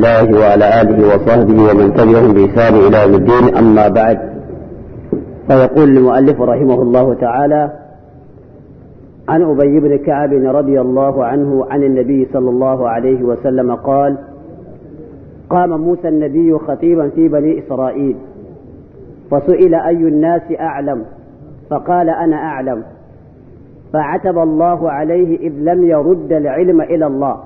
الله وعلى آله وصحبه ومن تبعهم بإحسان إلى يوم الدين أما بعد فيقول المؤلف رحمه الله تعالى عن أبي بن كعب رضي الله عنه عن النبي صلى الله عليه وسلم قال قام موسى النبي خطيبا في بني إسرائيل فسئل أي الناس أعلم فقال أنا أعلم فعتب الله عليه إذ لم يرد العلم إلى الله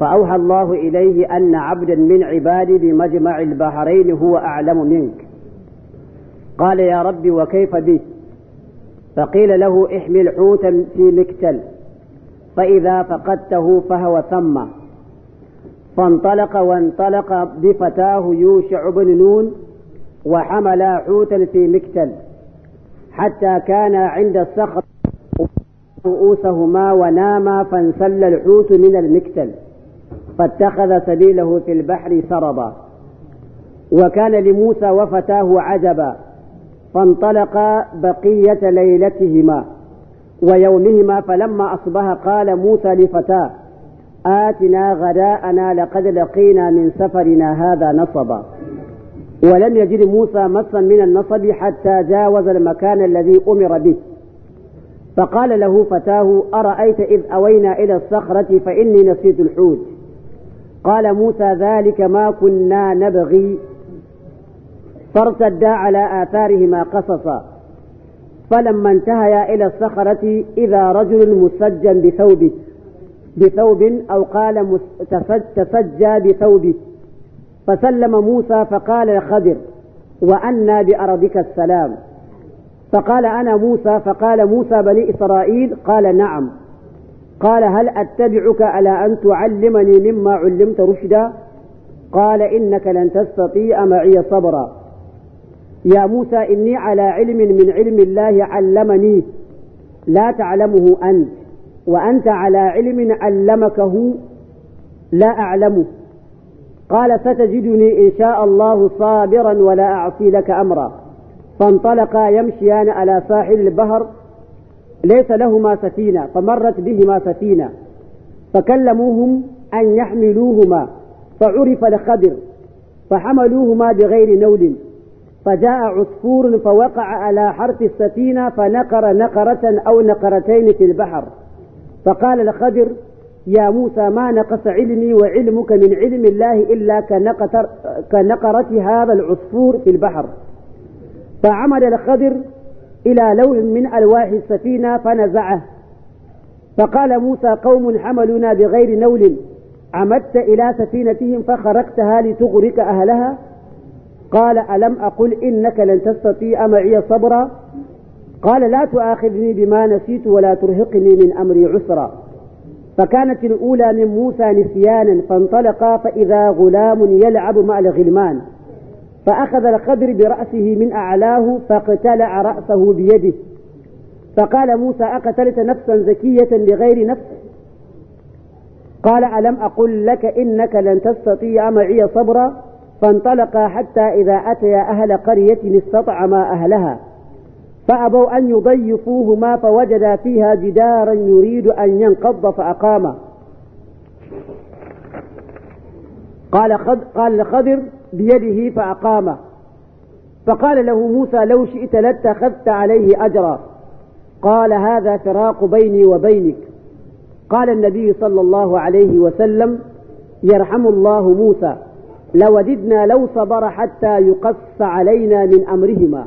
فأوحى الله إليه أن عبدا من عبادي بمجمع البحرين هو أعلم منك قال يا رب وكيف بي فقيل له احمل حوتا في مكتل فإذا فقدته فهو ثم فانطلق وانطلق بفتاه يوشع بن نون وحملا حوتا في مكتل حتى كان عند الصخر رؤوسهما وناما فانسل الحوت من المكتل فاتخذ سبيله في البحر سربا وكان لموسى وفتاه عجبا فانطلقا بقية ليلتهما ويومهما فلما أصبح قال موسى لفتاه آتنا غداءنا لقد لقينا من سفرنا هذا نصبا ولم يجد موسى مسا من النصب حتى جاوز المكان الذي أمر به فقال له فتاه أرأيت إذ أوينا إلى الصخرة فإني نسيت الحوت قال موسى ذلك ما كنا نبغي فارتدا على آثارهما قصصا فلما انتهيا إلى الصخرة إذا رجل مسجى بثوبه بثوب أو قال تسجى بثوبه فسلم موسى فقال الخضر وأنا بأرضك السلام فقال أنا موسى فقال موسى بني إسرائيل قال نعم قال هل أتبعك على أن تعلمني مما علمت رشدا قال إنك لن تستطيع معي صبرا يا موسى إني على علم من علم الله علمني لا تعلمه أنت وأنت على علم علمكه لا أعلمه قال ستجدني إن شاء الله صابرا ولا أعصي لك أمرا فانطلقا يمشيان على ساحل البحر ليس لهما سفينة فمرت بهما سفينة فكلموهم أن يحملوهما فعرف الخدر فحملوهما بغير نول فجاء عصفور فوقع على حرف السفينة فنقر نقرة أو نقرتين في البحر فقال الخدر يا موسى ما نقص علمي وعلمك من علم الله إلا كنقرة هذا العصفور في البحر فعمل الخدر إلى لوح من ألواح السفينة فنزعه فقال موسى قوم حملونا بغير نول عمدت إلى سفينتهم فخرقتها لتغرك أهلها قال ألم أقل إنك لن تستطيع معي صبرا قال لا تؤاخذني بما نسيت ولا ترهقني من أمري عسرا فكانت الأولى من موسى نسيانا فانطلقا فإذا غلام يلعب مع الغلمان فأخذ القدر برأسه من أعلاه فاقتلع رأسه بيده فقال موسى أقتلت نفسا زكية بغير نفس قال ألم أقل لك إنك لن تستطيع معي صبرا فانطلقا حتى إذا أتيا أهل قرية استطعما أهلها فأبوا أن يضيفوهما فوجدا فيها جدارا يريد أن ينقض فأقاما قال قال الخضر بيده فأقامه فقال له موسى لو شئت لاتخذت عليه أجرا قال هذا فراق بيني وبينك قال النبي صلى الله عليه وسلم يرحم الله موسى لوددنا لو صبر حتى يقص علينا من أمرهما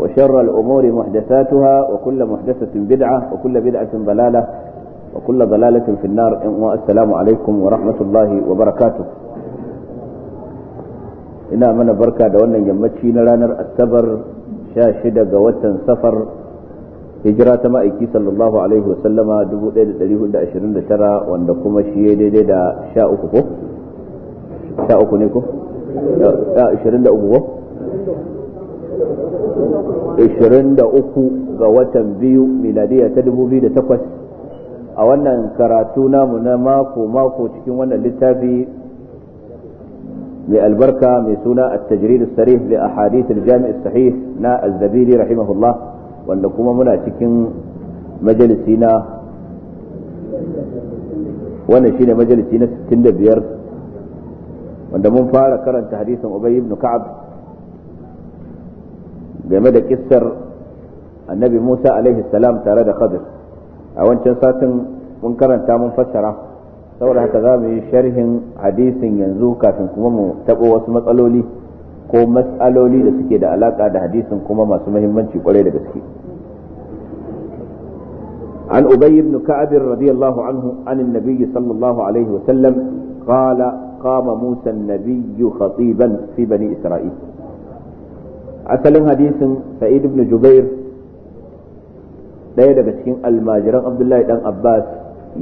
وشر الأمور محدثاتها وكل محدثة بدعة وكل بدعة ضلالة وكل ضلالة في النار والسلام عليكم ورحمة الله وبركاته ina mana barka da wannan yammaci na ranar asabar sha shida ga watan safar hijira ta ma'aiki sallallahu alaihi wasallama 1429 wanda kuma shi ya daidai da sha uku ko? sha uku ne ko? sha uku ko? 23 ga watan biyu miladiya ta 2008 a wannan karatu namu na mako-mako cikin wannan littafi mai albarka mai suna a tajrid as-sarih li ahadith al-jami' as-sahih na az-zabiri rahimahullah wanda kuma muna cikin majalisi na wannan shine majalisi na 65 wanda mun fara karanta hadisin Ubay ibn Ka'ab game da kissar annabi Musa alaihi salam tare da Khadir a wancan satin mun karanta mun fassara saboda haka za mu yi sharhin hadisin yanzu kafin kuma mu tabo wasu matsaloli ko matsaloli da suke da alaka da hadisin kuma masu muhimmanci kwarai da gaske عن أبي بن كعب رضي الله عنه عن النبي صلى الله عليه وسلم قال قام موسى النبي خطيبا في بني إسرائيل asalin hadisin sa'id ibn jubair ɗaya daga cikin almajiran abdullahi dan abbas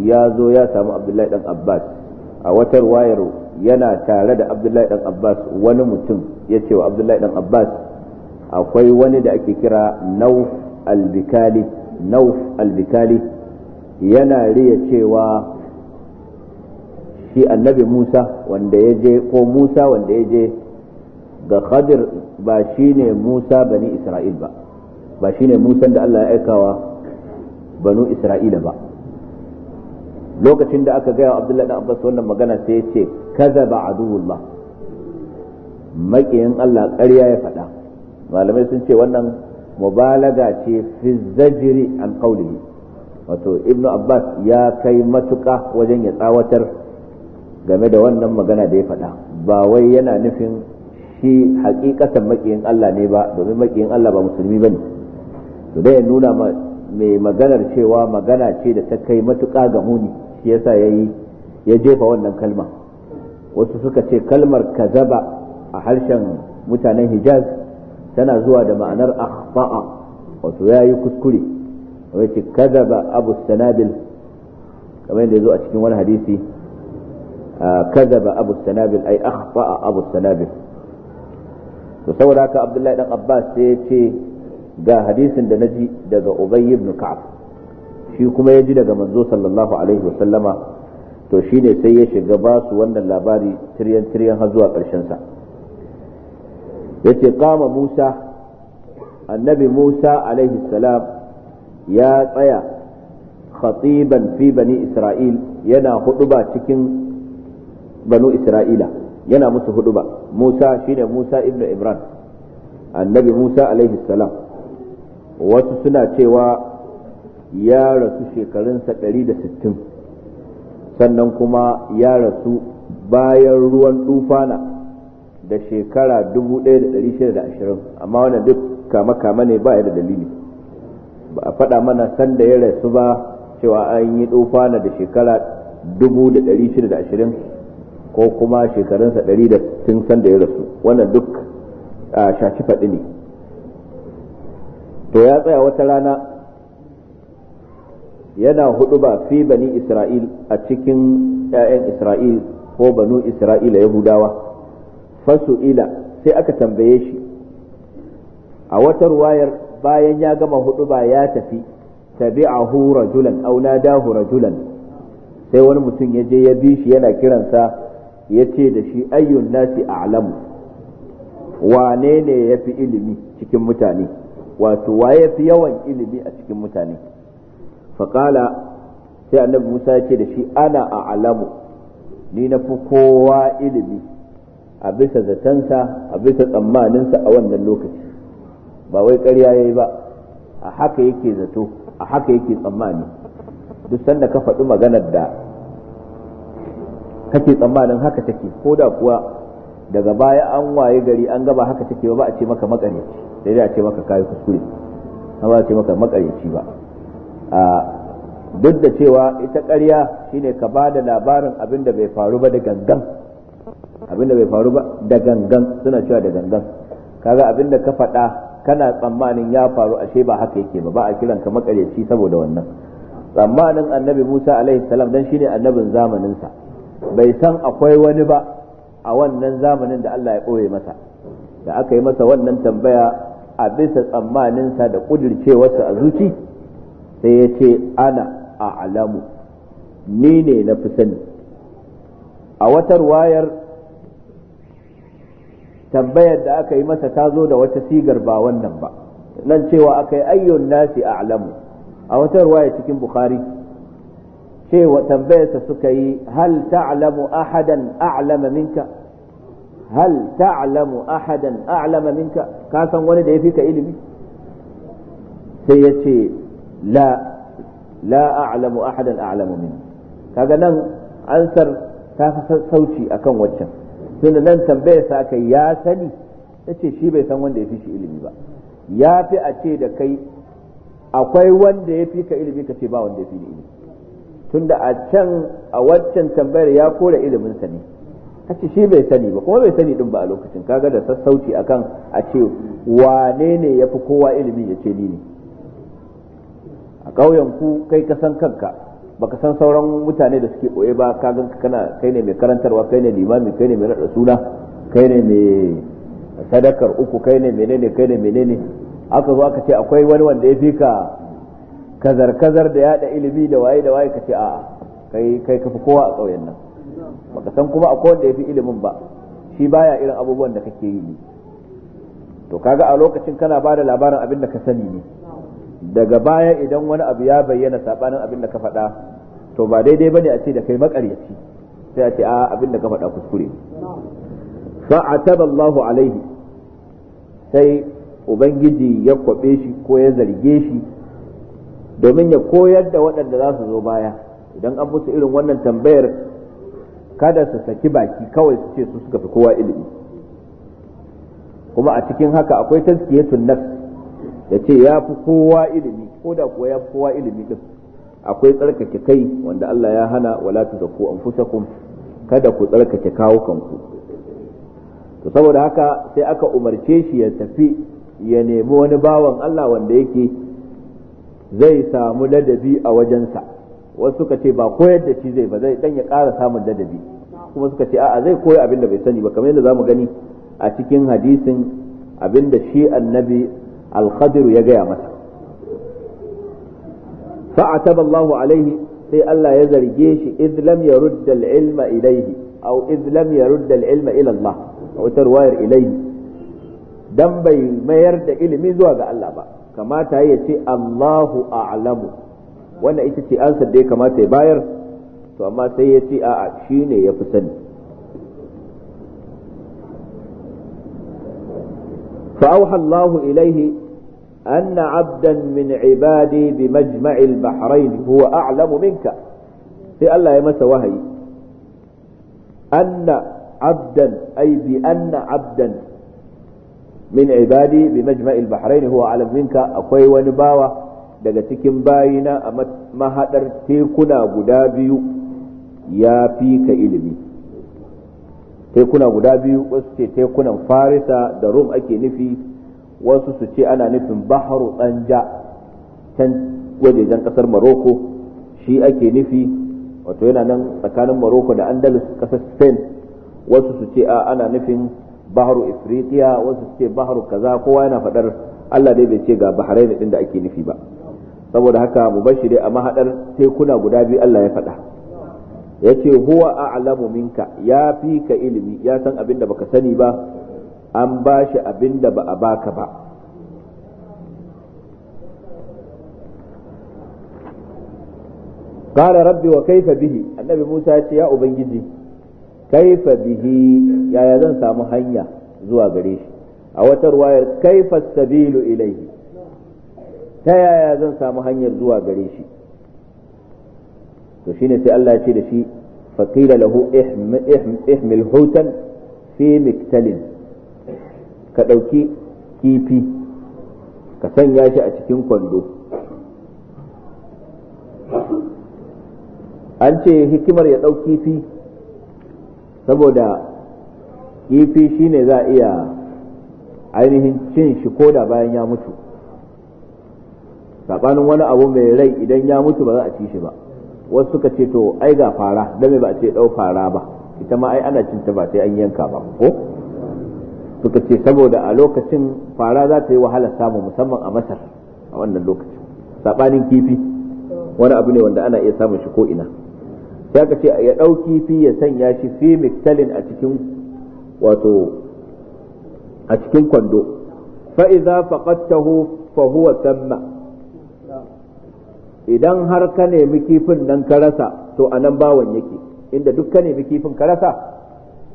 ya zo ya samu abdullahi dan abbas a wata wayar yana tare da abdullahi dan abbas wani mutum ya ce wa abdullahi dan abbas akwai wani da ake kira nauf albikali nauf albikali yana riya cewa shi annabi musa wanda ya je ko musa wanda ya je ga khadir ba ne musa bani isra'il ba ba ne musan da Allah ya aikawa banu isra'ila ba lokacin da aka gaya wa abdullahi abbas wannan magana sai ya ce kazaba aduwullah makiyin Allah ƙarya ya faɗa malamai sun ce wannan mubalaga ce fi zajiri an qawlihi wato ibnu abbas ya kai matuƙa wajen ya tsawatar game da wannan magana da ya faɗa ba wai yana nufin shi hakikatan makiyin Allah ne ba domin makiyin Allah ba musulmi ba ne to dai ya nuna mai maganar cewa magana ce da ta kai matuƙa ga muni shi yasa ya yi ya jefa wannan kalma wasu suka ce kalmar kazaba a harshen mutanen hijaz tana zuwa da ma'anar akhfa'a wato ya yi kuskure wace kazaba abu sanabil kamar yadda ya zo a cikin wani hadisi kazaba abu sanabil ai akhfa'a abu sanabil to saboda haka abdullahi dan abbas sai ya ce ga hadisin da naji daga ubay ibn ka'ab shi kuma ya ji daga manzo sallallahu alaihi wa sallama to shine sai ya shiga ba su wannan labari tiryan tiryan har zuwa karshen sa yace qama musa annabi musa alaihi salam ya tsaya khatiban fi bani isra'il yana huɗuba cikin banu isra'ila yana musu hudu ba Musa shine Musa ibnu Imran annabi Musa alaihi salam wasu suna cewa ya rasu shekarunsa 160 sannan kuma ya rasu bayan ruwan tufana da shekara 1620 amma wannan duk kama-kama ne ba da dalili ba a faɗa mana sanda ya rasu ba cewa an yi tufana da shekara 1620 ko kuma shekarunsa ɗari da tun san da ya rasu wannan duk shaci faɗi ne to ya tsaya wata rana yana hudu ba fi bani isra'il a cikin 'ya'yan isra'il ko banu isra'ila yahudawa ila sai aka tambaye shi a wata ruwayar bayan ya gama hudu ba ya tafi tabi'ahu rajulan aw nadahu rajulan sai wani mutum ya je ya bi shi yana kiransa yace da shi ayyun nasi a'lamu wane ne yafi ilimi cikin mutane wato waye fi yawan ilimi a cikin mutane faqala sai annabi Musa ya ce da shi ana a a'lamu ni na fi kowa ilimi a bisa zatansa a bisa tsammaninsa a wannan lokaci ba wai ƙarya yayi ba a haka yake zato a haka yake tsammani duk sanda ka faɗi maganar da kake tsammanin haka take ko da kuwa daga baya an waye gari an gaba haka take ba a ce maka makaryaci sai dai a ce maka kayi kuskure ba a ce maka makaryaci ba a duk da cewa ita ƙarya shine ka ba da labarin abin da bai faru ba da gangan abin da bai faru ba da gangan suna cewa da gangan kaga abin da ka faɗa kana tsammanin ya faru ashe ba haka yake ba ba a kiran ka makaryaci saboda wannan tsammanin annabi Musa alaihi salam dan shine annabin zamanin sa bai san akwai wani ba a wannan zamanin da Allah ya ɓoye masa da aka yi masa wannan tambaya a bisa tsammaninsa da ƙudircewarsa a zuci sai ya ce ana a alamu ni ne na fi sani a wata wayar tambayar da aka yi masa ta zo da wata sigar ba wannan ba nan cewa aka yi ayyun nasi a alamu a wata waya cikin bukhari cewa tambayarsa suka yi hal ta'lamu ahadan a'lama minka hal ta'lamu ahadan a'lama minka ka san wani da ya fi ka ilimi sai ya ce la la a'lamu ahadan a'lama minka kaga nan ansar ta fi sauci akan waccan tunda nan tambayarsa aka ya sani yace shi bai san wanda ya fi shi ilimi ba ya fi a ce da kai akwai wanda ya fi ka ilimi ka ce ba wanda ya fi ilimi tunda a can a waccan tambayar ya kore ilimin sa ne kace shi bai sani ba kuma bai sani din ba a lokacin kaga da sassauci akan a ce wane ne yafi kowa ilimi ya ce ni ne a ƙauyen ku kai ka san kanka baka san sauran mutane da suke koye ba ka ka kana kai ne mai karantarwa kai ne limami kai ne mai rada suna kai ne mai sadakar uku kai ne menene kai ne menene aka zo aka ce akwai wani wanda ya fi ka kazar-kazar da yada ilimi da waye da waye ka ce a'a kai kai kafi kowa a ƙauyen nan baka san kuma akwai wanda yafi ilimin ba shi baya irin abubuwan da kake yi ne to kaga a lokacin kana ba da labarin abin da ka sani ne daga baya idan wani abu ya bayyana sabanin abin da ka faɗa to ba daidai bane a ce da kai makaryaci sai a ce a abin da ka faɗa kuskure fa'ataba alaihi sai ubangiji ya kwabe shi ko ya zarge shi domin ya koyar da waɗanda za su zo baya idan an musu irin wannan tambayar kada su saki baki kawai su ce su suka fi kowa ilimi kuma a cikin haka akwai tazkiyatun nafs ya ce ya fi kowa ilimi ko da kuwa ya fi kowa ilimi din akwai tsarkake kai wanda Allah ya hana wala tuzakku anfusakum kada ku tsarkake kawo kanku to saboda haka sai aka umarce shi ya tafi ya nemi wani bawan Allah wanda yake zai samu ladabi a wajensa wasu suka ce ba koyar da shi zai ba zai dan ya ƙara samun ladabi kuma suka ce a'a zai koya abin da bai sani ba kamar yadda zamu gani a cikin hadisin abin da shi annabi al-khadir ya gaya masa fa'ataba Allahu alaihi sai Allah ya zarge shi idh lam yarudda al-ilma ilayhi aw idh lam yarudda al-ilma ila Allah aw tarwayar ilayhi dan bai mayar da ilimi zuwa ga Allah ba kamata ya ce Allahu a'lamu wannan ita ce an da ya kamata ya bayar to amma sai ya ce a'a shine ya fi sani فأوحى الله إليه أن عبدا من عبادي بمجمع البحرين هو أعلم منك في الله يمس وهي أن عبدا أي بأن عبدا min ibadi bi majma'il bahrain huwa alam minka akwai wani bawa daga cikin bayina a mahadar tekuna guda biyu ya fi ka ilimi tekuna guda biyu wasu ce tekunan farisa da rum ake nufi wasu su ce ana nufin baharu tsanja can wajejen kasar maroko shi ake nufi wato yana nan tsakanin maroko da andalus kasar spain wasu su ce a ana nufin baharu ifritiya wasu ce baharu kaza kowa yana faɗar Allah dai bai ce ga ne din da ake nufi ba saboda haka mu mubashiri a mahadar tekuna guda biyu Allah ya faɗa yace huwa a'lamu minka ya fi ka ilimi ya san abinda baka sani ba an ba shi abinda ba a baka ba قال ربي وكيف به النبي موسى ya ubangiji kaifa bihi yaya zan samu hanya zuwa gare shi a wata ruwayar kaifa sabilu ilaihi ta yaya zan samu hanyar zuwa gare shi to shine sai Allah ya ce da shi faqila lahu ihmil hutan fi ka dauki kifi ka sanya shi a cikin kwando an ce hikimar ya ɗau kifi saboda kifi shine za a iya ainihin cin shi da bayan ya mutu sabanin wani abu mai rai idan ya mutu ba za a ci shi ba wasu suka ce to ai ga fara dan ba a ce dau fara ba ita ma ai ana cin ta ba sai an yanka ba ko suka ce saboda a lokacin fara za ta yi wahala samu musamman a masar a wannan lokacin sabanin kifi wani abu ne wanda ana iya samun shi ko ina sai ka ce ya ɗau kifi ya sanya shi fi miktalin a cikin wato a cikin kwando fa'iza faƙattahu fa huwa samma idan har ka nemi kifin nan ka rasa to a nan bawan yake inda duk ka nemi kifin ka rasa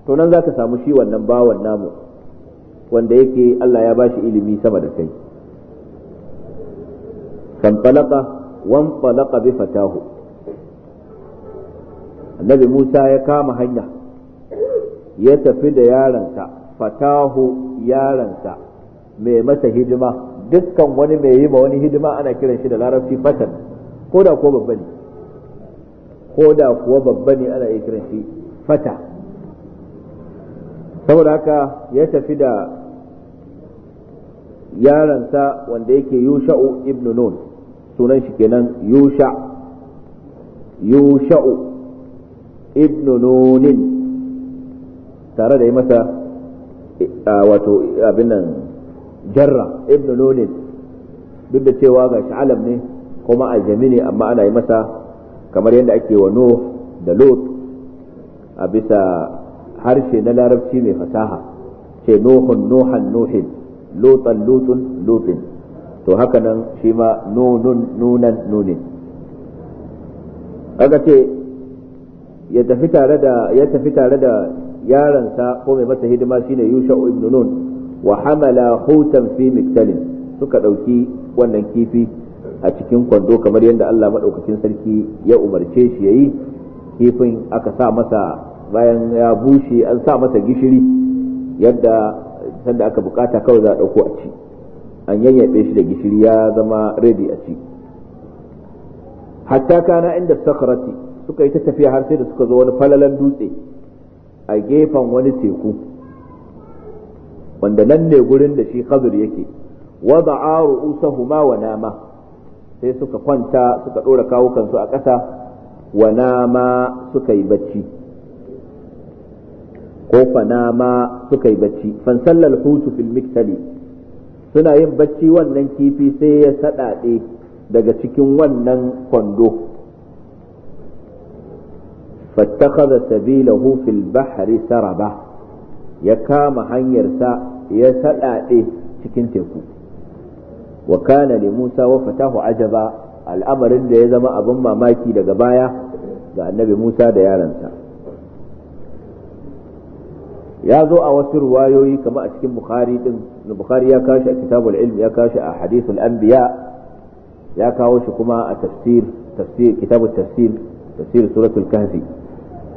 to nan za ka samu shi wannan bawan namu wanda yake Allah ya bashi ilimi sama da kai Kan fanfalaka wan falaka bi fatahu annabi Musa ya kama hanya ya tafi da yaronsa fatahu yaronsa mai masa hidima dukkan wani mai yi ma wani hidima ana kiran shi da larabci fatan ko da kuwa babba ne ko da kuwa babba ne ana iya kiran shi fata saboda haka ya tafi da yaransa wanda yake yusha'u ibnu nun sunan shi kenan yusha yusha'u ibnu nunin tare da yi masa wato abin nan jarra ibnu nunin duk da cewa ga sha'alam ne kuma a ne amma ana yi masa kamar yadda ake wa nuh da lot a bisa harshe na larabci mai fasaha ce nuhun nuhan nuhin lutan lutun lutin to haka nan shi ma nunun nunan nunin aka ce ya tafi tare da ya tafi tare da yaransa ko mai masa hidima shine Yusha ibn Nun wa hamala hutan fi miktalin suka dauki wannan kifi a cikin kwando kamar yadda Allah madaukakin sarki ya umarce shi yayi kifin aka sa masa bayan ya bushe an sa masa gishiri yadda sanda aka bukata kawai za a dauko a ci an yayyabe shi da gishiri ya zama ready a ci hatta kana inda sakarati suka yi ta tafiya har sai da suka zo wani falalan dutse a gefen wani teku wanda nan ne gurin da shi khazir yake wada'a ru'usahuma wa nama sai suka kwanta suka dora kawukansu a ƙasa wa nama suka yi bacci ko fa nama suka yi bacci sallal hutu fil miktali suna yin bacci wannan kifi sai ya saɗaɗe daga cikin wannan kwando fattakhadha sabilahu fil bahri saraba ya kama hanyar sa ya sadade cikin teku wa kana Musa wa ajaba al'amarin da ya zama abin mamaki daga baya ga annabi Musa da yaransa ya zo a wasu ruwayoyi kama a cikin Bukhari din Bukhari ya kashi a kitabul ilm ya kashi a hadithul anbiya ya kawo shi kuma a tafsir tafsir kitabut tafsir tafsir suratul kahfi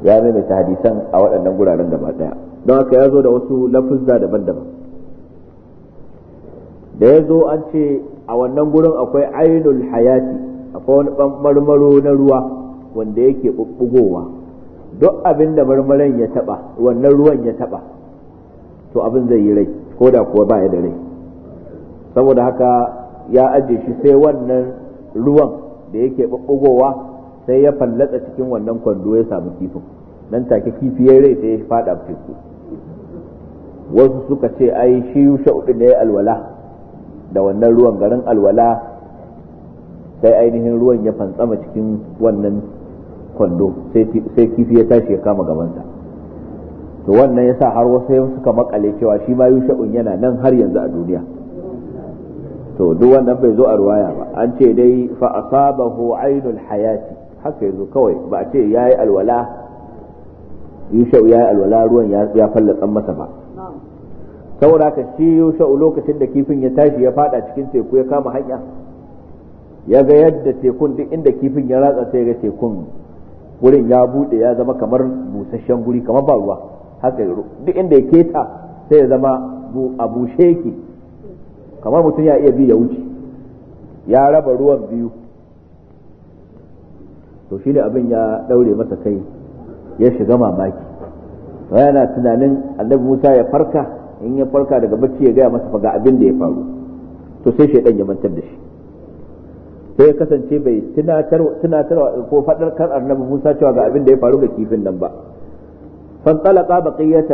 ya maimaita hadisan a waɗannan guraren gaba ɗaya don haka ya zo da wasu lafuzza daban-daban da ya zo an ce a wannan gurin akwai ainul hayati akwai wani marmaro na ruwa wanda yake bubbugowa duk abin da marmaran ya taba wannan ruwan ya taba to abin zai yi rai ko da kuwa ba ya da rai saboda haka ya ajiye shi sai wannan ruwan da yake bubbugowa sai ya fallatsa cikin wannan kwando ya samu kifin nan take kifi ya rai sai ya fada teku wasu suka ce ai shi sha'u da ya alwala da wannan ruwan garin alwala sai ainihin ruwan ya fantsama cikin wannan kwando sai kifi ya tashi ya kama gabansa to wannan ya sa har wasu suka makale cewa shi ma sha'un yana nan har yanzu a duniya to duk wannan bai zo a ruwaya ba an ce dai fa asabahu ainul hayati haka yanzu kawai ba a ce ya yi alwala yushau yi alwala ruwan ya fallatsan masa ba saboda ka shi yushau lokacin da kifin ya tashi ya fada cikin teku ya kama hanya ya ga yadda tekun duk inda kifin ya ratsa sai ga tekun wurin ya bude ya zama kamar busasshen guri kamar ba ruwa haka duk inda ya keta sai ya zama a bushe yake kamar mutum ya iya bi ya wuce ya raba ruwan biyu to shi ne abin ya daure masa kai ya shiga mamaki yana tunanin annabi musa ya farka in ya farka daga bacci ya gaya masa faga abin da ya faru to sai dan ya mantar da shi sai ya kasance bai tunatarwa ko faɗar kan annabi musa cewa ga abin da ya faru ga kifin nan ba baqiyata بقية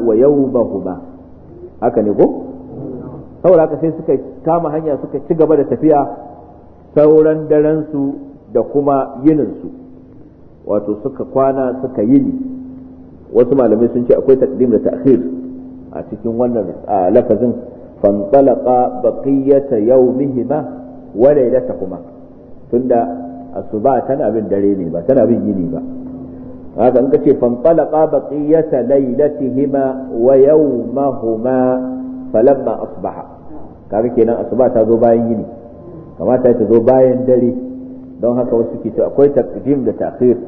wa yawmahuma haka ne ko saboda haka sai suka kama hanya suka ci gaba da tafiya sauran daren su da kuma yininsu wato suka kwana suka yini wasu malamai sun ce akwai takdim da ta'khir a cikin wannan lafazin yau baqiyata yawmihima wa kuma tunda asuba tana bin dare ne ba tana bin yini ba haka in kace fantalaqa baqiyata laylatihima wa yawmahuma falamma asbaha kaga kenan asuba ta zo bayan yini kamata ta zo bayan dare don haka wasu ke cewa akwai takdim da ta'khir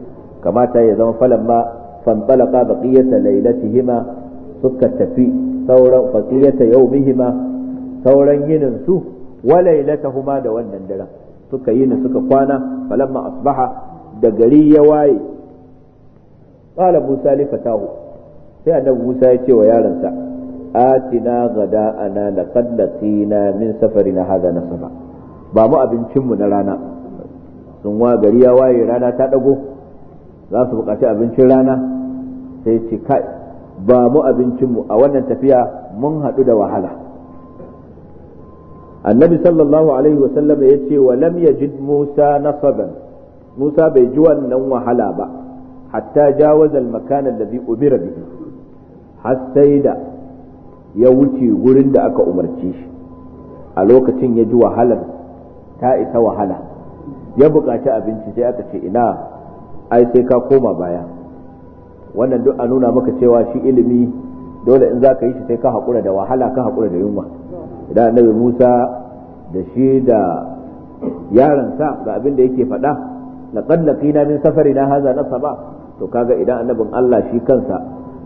kamata ya zama falamma fanṭalaqa baqiyata laylatihima suka tafi sauran baqiyata yawmihima sauran yinin su wa lailatahuma da wannan daren suka yini suka kwana falamma asbaha da gari ya waye qala musa li fatahu sai annabi musa ya ce wa yaronsa atina ghada'ana laqad laqina min safarina hadha nasaba ba mu abincinmu na rana sun wa gari ya waye rana ta dago za su bukaci abincin rana sai ce kai ba mu abincinmu a wannan tafiya mun haɗu da wahala annabi sallallahu alaihi wasallam ya ce wa lam yajid musa nasaban musa bai ji wannan wahala ba hatta jawaza al da bi umira bihi har sai da ya wuce gurin da aka umarce shi a lokacin ya ji wahalar ta isa wahala ya bukaci abinci sai aka ce ina ai sai ka koma baya wannan duk a nuna maka cewa shi ilimi dole in za ka yi shi sai ka haƙura da wahala ka haƙura da yunwa idan annabi musa da shi da yaransa ga abin da yake faɗa laqad na min haza na saba to kaga idan annabin Allah shi kansa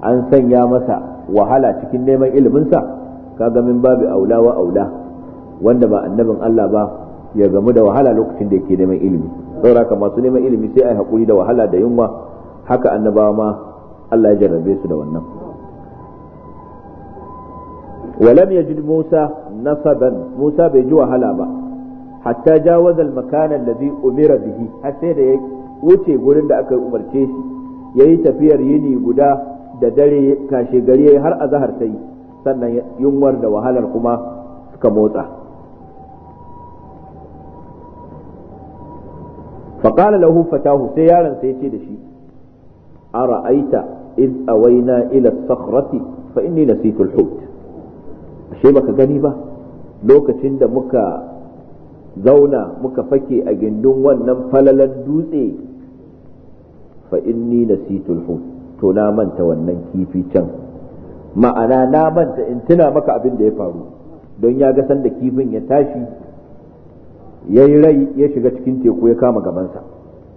an sanya masa wahala cikin neman iliminsa kaga min babu aula wa aula wanda ba annabin Allah ba ya gamu da wahala lokacin da yake neman ilimi saboda haka masu neman ilimi sai ai hakuri da wahala da yunwa haka annabawa ma Allah ya jarrabe su da wannan musa musa bai ji wahala ba hatta هلا با حتى جاوز المكان الذي har sai da ده wuce gurin da aka umarce shi yayi tafiyar yini guda da dare kashe gari har azahar sai sannan yunwar da wahalar kuma suka motsa فقال له فتاه سيارا سيتي دشي أرأيت إذ أوينا إلى الصخرة فإني نسيت الحوت ashe baka gani ba lokacin da muka zauna muka fake a gindun wannan falalan dutse fa inni nasitul hut to na manta wannan kifi can ma'ana na manta in tuna maka abin da ya faru don ya ga sanda kifin ya tashi ya yi rai ya shiga cikin teku ya kama gabansa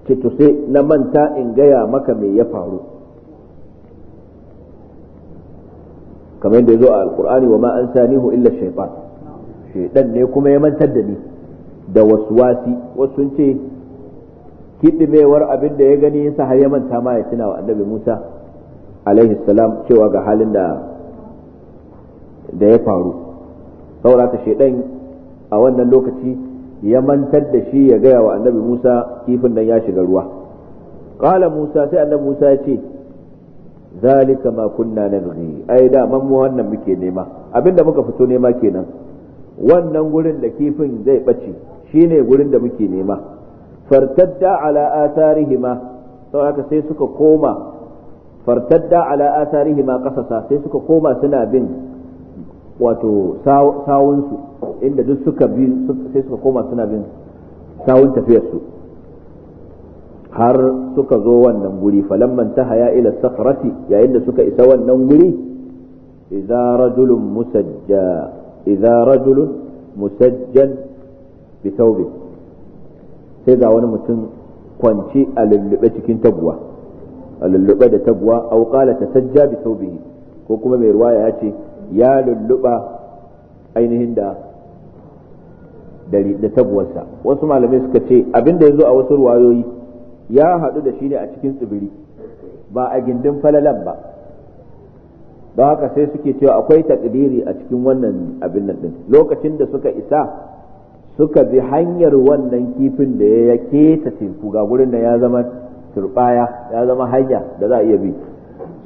ce to sai na manta in gaya maka me ya faru kamar yadda ya zo a alkur'ani wa ma'an sanihu illa shaitan shaiɗan ne kuma ya mantar da ni da wasu wasi wasu sun ce kiɗimewar abin da ya gani yasa har ya manta ma ya tuna wa annabi musa alaihi salam cewa ga halin da da ya faru saboda shaiɗan a wannan lokaci ya mantar da shi ya gaya wa annabi Musa kifin nan ya shiga ruwa Ƙala Musa sai annabi Musa ya ce zalika ma kunna nabghi ai da man mu wannan muke nema abinda muka fito nema kenan wannan gurin da kifin zai bace shine gurin da muke nema fartadda ala atharihima sau haka sai suka koma fartadda ala atharihima ƙasasa, sai suka koma suna bin wato sawunsu inda duk suka bi sai suka koma suna bin sawun tafiyarsu har suka zo wannan guri falamman ta haya ila safarati yayin da suka isa wannan guri idza rajulun musajjan bi sai ga wani mutum kwanci a lullube cikin taguwa a lullube da taguwa au ta tasajja bi ko kuma mai ruwaya ya ce ya lulluɓa ainihin da da wasu malamai suka ce abinda ya zo a wasu ruwayoyi ya haɗu da shi ne a cikin tsibiri ba a gindin falalan ba don haka sai suke cewa akwai takdiri a cikin wannan abin nan din lokacin da suka isa suka bi hanyar wannan kifin da ya keta teku ga gurin da ya zama turbaya ya zama hanya da za a iya bi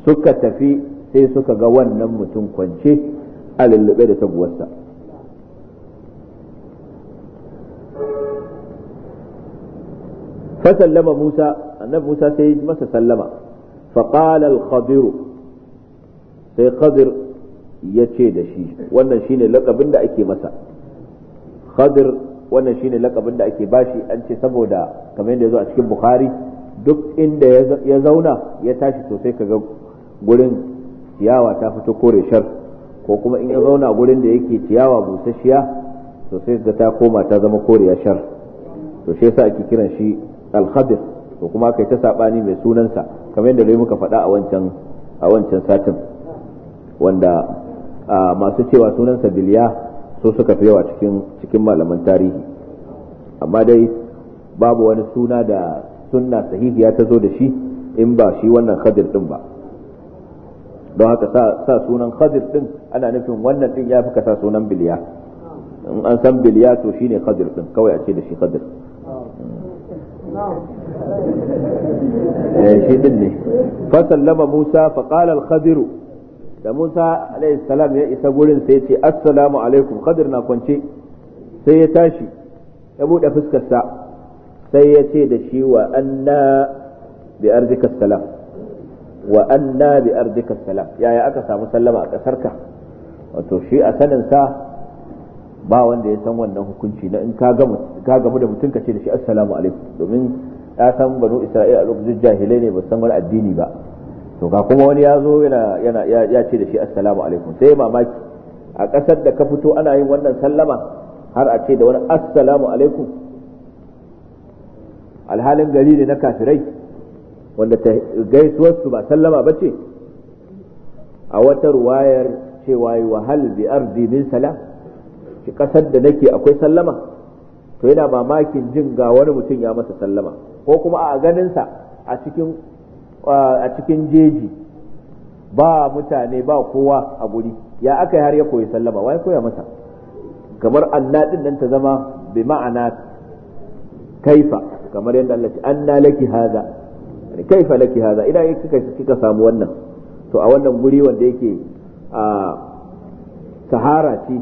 suka tafi sai suka ga wannan mutum kwance a lullube da taguwarsa fasallama musa annabi musa sai masa sallama faƙala al-khadiru sai khadir ya ce da shi wannan shine lakabin da ake masa khadir wannan shine lakabin da ake bashi an ce saboda kamar yadda ya zo a cikin bukhari duk inda ya zauna ya tashi sosai ka ga gurin ciyawa ta fito kore shar ko kuma in ya zauna gurin da yake ciyawa busasshiya to sai ga ta koma ta zama koriya shar to shi yasa ake kiran shi al-khabir to kuma kai ta sabani mai sunansa kamar yadda dai muka faɗa a wancan a wancan satin wanda masu cewa sunansa biliya so suka fi yawa cikin cikin malaman tarihi amma dai babu wani suna da sunna sahihiya ta zo da shi in ba shi wannan khadir din ba don haka sa sunan khadir din ana nufin wannan din ya fi ka sa sunan biliya in an san biliya to ne khadir din kawai a ce da shi khadir eh, shi din ne musa fa qala al khadiru da musa alayhi salam ya isa gurin sai ya ce assalamu alaikum khadir na kwance sai ya tashi ya bude fuskar sa sai ya ce da shi wa anna bi arzika salam wa anna bi ardika salam yaya aka samu sallama a kasarka wato shi a sanin sa ba wanda ya san wannan hukunci na in ka gamu da mutum ka ce da shi assalamu alaikum domin ya san banu isra'ila a lokacin jahilai ne ba san wani addini ba to ga kuma wani ya zo yana ya ce da shi assalamu alaikum sai mamaki a kasar da ka fito ana yin wannan sallama har a ce da wani assalamu alaikum alhalin gari ne na kafirai wanda ta gaisuwarsu ba sallama ba ce a wata ruwayar cewa yi wahal bi ardi min sala ki kasar da nake akwai sallama to yana mamakin jin ga wani mutum ya masa sallama ko kuma a ganinsa a cikin jeji ba mutane ba kowa a guri ya aka har ya koyi sallama wai koya masa kamar din nan ta zama bi ma'ana kaifa kamar yadda Allah ce anna laki haza. kai falaki haza ina kika kika samu wannan to a wannan guri wanda yake a sahara ce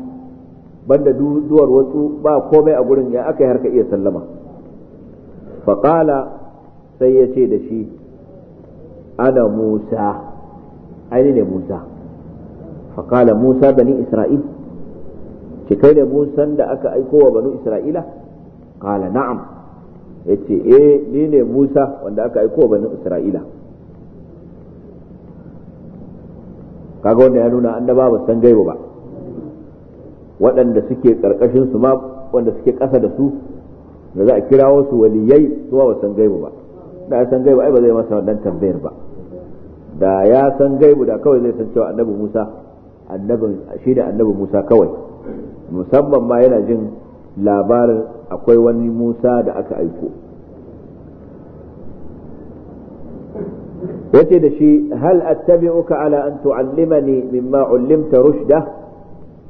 banda duwar wasu ba komai a gurin ya aka yi harka iya sallama faƙala sai ya ce da shi ana musa aini ne musa faƙala musa bani isra'il kai ne musan da aka aiko wa Bani isra'ila ƙala na'am ya ce eh ni ne musa wanda aka aiko bani isra'ila kaga wanda ya nuna annaba ba san gaibo ba waɗanda suke ƙarƙashin su ma wanda suke ƙasa da su da za a kira wasu waliyai su ba san gaibo ba da ya san gaibo ai ba zai masa wannan tambayar ba da ya san gaibu da kawai zai san cewa annabi musa annabin shi da annabi musa kawai musamman ma yana jin labarin akwai wani Musa da aka aiko yace da shi hal attabi'uka ala an tu'allimani mimma ullimta rushda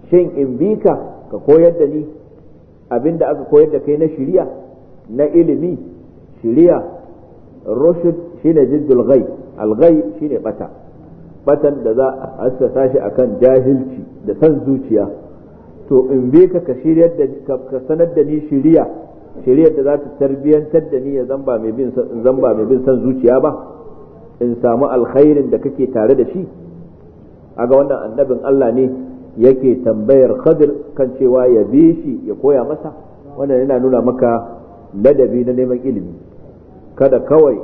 shin in bika ka koyar da ni abinda aka koyar da kai na shiriya na ilimi shiriya rushd shine jiddul ghaib al ghaib shine bata batan da za a assasa shi akan jahilci da san zuciya to in bi ka ka shiryar da ka sanar da ni shiriya shiryar da za ta tarbiyantar da ni ya zamba mai bin zamba mai bin san zuciya ba in samu alkhairin da kake tare da shi aga wannan annabin Allah ne yake tambayar Khadir kan cewa ya bi shi ya koya masa wannan yana nuna maka ladabi na neman ilimi kada kawai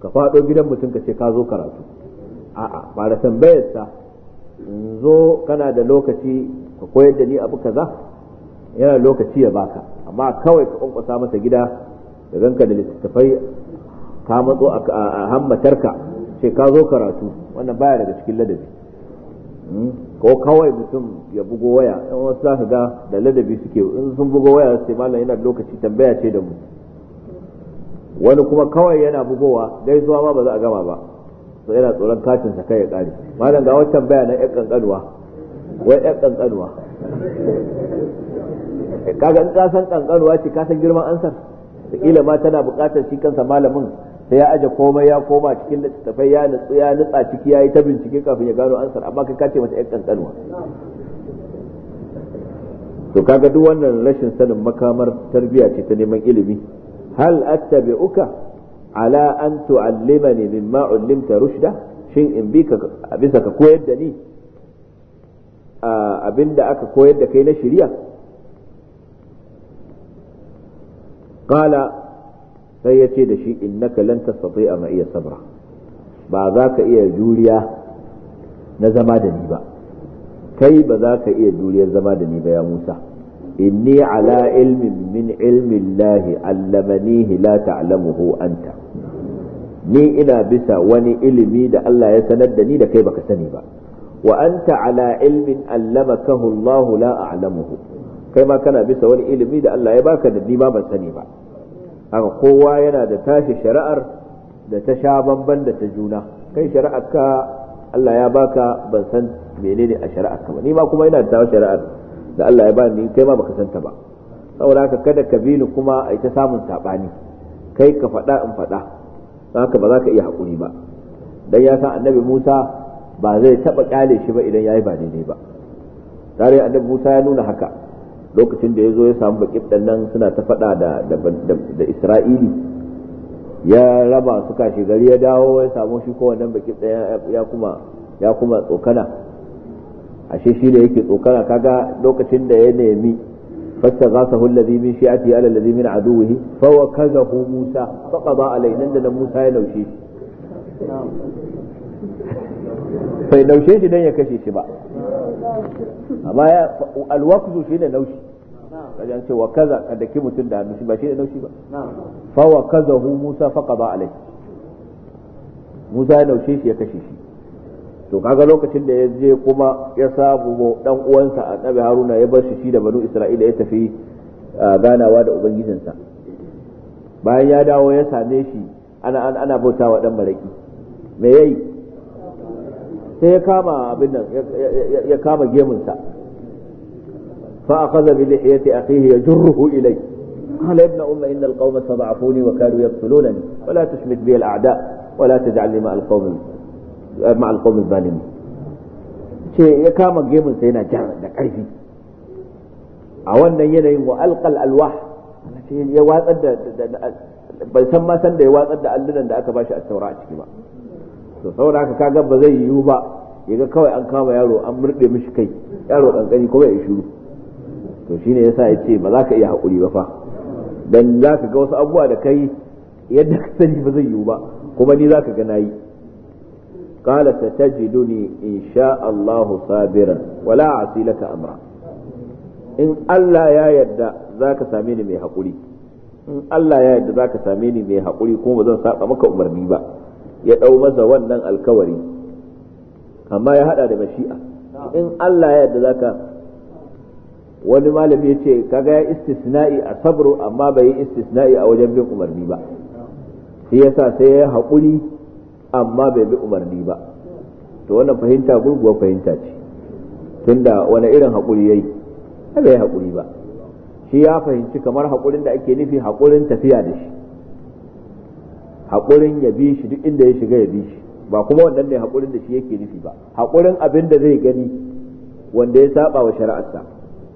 ka faɗo gidan mutum ka ce ka zo karatu a'a ba da tambayarsa zo kana da lokaci ka koyar da ni abu kaza yana lokaci ya baka amma kawai ka kwankwasa masa gida da ganka da littattafai ka matso a hammatarka ce ka zo karatu wannan baya daga cikin ladabi hmm? ko kawai mutum ya bugo waya in wasu za ga da ladabi suke in sun bugo waya sai malam yana lokaci tambaya ce da mu wani kuma kawai yana bugowa gaisuwa ma ba za a gama ba sai yana tsoron katin sa kai ya kare malam ga wata tambaya na yan kankanuwa wai ɗan kankanuwa kaga in ka san ce ka san girman ansar ila ma tana buƙatar shi kansa malamin sai ya aje komai ya koma cikin littattafai ya nutsu ya nutsa ciki ya yi ta bincike kafin ya gano ansar amma kai ka ce mata yan kankanuwa to kaga duk wannan rashin sanin makamar tarbiyya ce ta neman ilimi hal attabi'uka ala an tu'allimani mimma 'allimta rushda shin in bi ka bisa ka koyar da ni abinda aka koyar da kai na shirya? qala sai ya ce da shi innaka lan tastati'a ma iya sabra ba za ka iya juriya na zama da ni ba kai ba za ka iya juriyar zama da ni ba ya Musa inni ala ilmin min ilmin lahi allamanihi la ta'lamuhu anta ni ina bisa wani ilimi da Allah ya sanar da ni da kai baka sani ba wa'anta anta ala ilmin allamakahu Allah a'lamuhu kai ma kana bisa wani ilimi da Allah ya baka da ni ba ban sani ba kowa yana da tashi shari'ar da ta sha bamban da ta juna kai shari'ar ka Allah ya baka ban san menene a shari'ar ka ba ni ma kuma ina da tashi shari'ar da Allah ya bani kai ma baka santa ba saboda haka kada ka bi ni kuma ai ta samun sabani kai ka faɗa in faɗa haka ba za ka iya haƙuri ba dan ya san annabi Musa ba zai taba kyale shi ba idan yayi ba daidai ba tare da Musa ya nuna haka lokacin da ya zo ya samu bakibdan nan suna ta fada da da Isra'ili ya raba su kashi gari ya dawo ya samu shi bakin bakibdan ya kuma ya kuma tsokana ashe shi ne yake tsokana kaga lokacin da ya nemi فاستغاثه الذي من شيعته على fa من عدوه فوكزه nan da musa ya ya shi bai naushe shi dan ya kashe shi ba amma ya alwaqzu shine naushi kaje an ce wa kaza ka daki mutum da hannu shi ba shi ne naushi ba fa wa hu Musa fa qada alai Musa ya naushe shi ya kashe shi to kaga lokacin da ya je kuma ya samu dan uwansa a annabi Haruna ya bar shi shi da banu Isra'ila ya tafi ganawa da ubangijinsa bayan ya dawo ya same shi ana ana bautawa dan baraki me yayi sai ya kama abin nan ya kama gemunsa fa akhadha bi lihiyati akhihi yajruhu ilay ma gemunsa yana jar da yanayin bai san watsar da allunan da aka bashi a a ciki ba to saboda haka kaga ba zai yiwu ba yaga kawai an kama yaro an murde mishi kai yaro kankani kuma ya shiru to shine yasa ya ce ba za ka iya hakuri ba fa dan za ka ga wasu abubuwa da kai yadda ka sani ba zai yiwu ba kuma ni za ka ga nayi qala satajiduni insha Allah sabiran wala asilaka amra in Allah ya yarda za ka same ni mai hakuri in Allah ya yadda za ka same ni mai hakuri kuma ba zan saba maka umarni ba ya ɗau masa wannan alkawari amma ya haɗa da mashi'a in Allah ya yarda zaka wani malami ya ce kaga ya istisna'i a sabro amma bai yi istisna'i a wajen bin umarni ba shi yasa sai ya haƙuri amma bai bi umarni ba to wannan fahimta gurguwa fahimta ce tunda wani irin haƙuri yayi bai ya haƙuri ba shi ya fahimci kamar haƙurin da ake nufi haƙurin tafiya da shi haƙurin ya bi shi duk inda ya shiga ya bi shi ba kuma wannan ne haƙurin da shi yake nufi ba haƙurin abin da zai gani wanda ya saba wa shari'arsa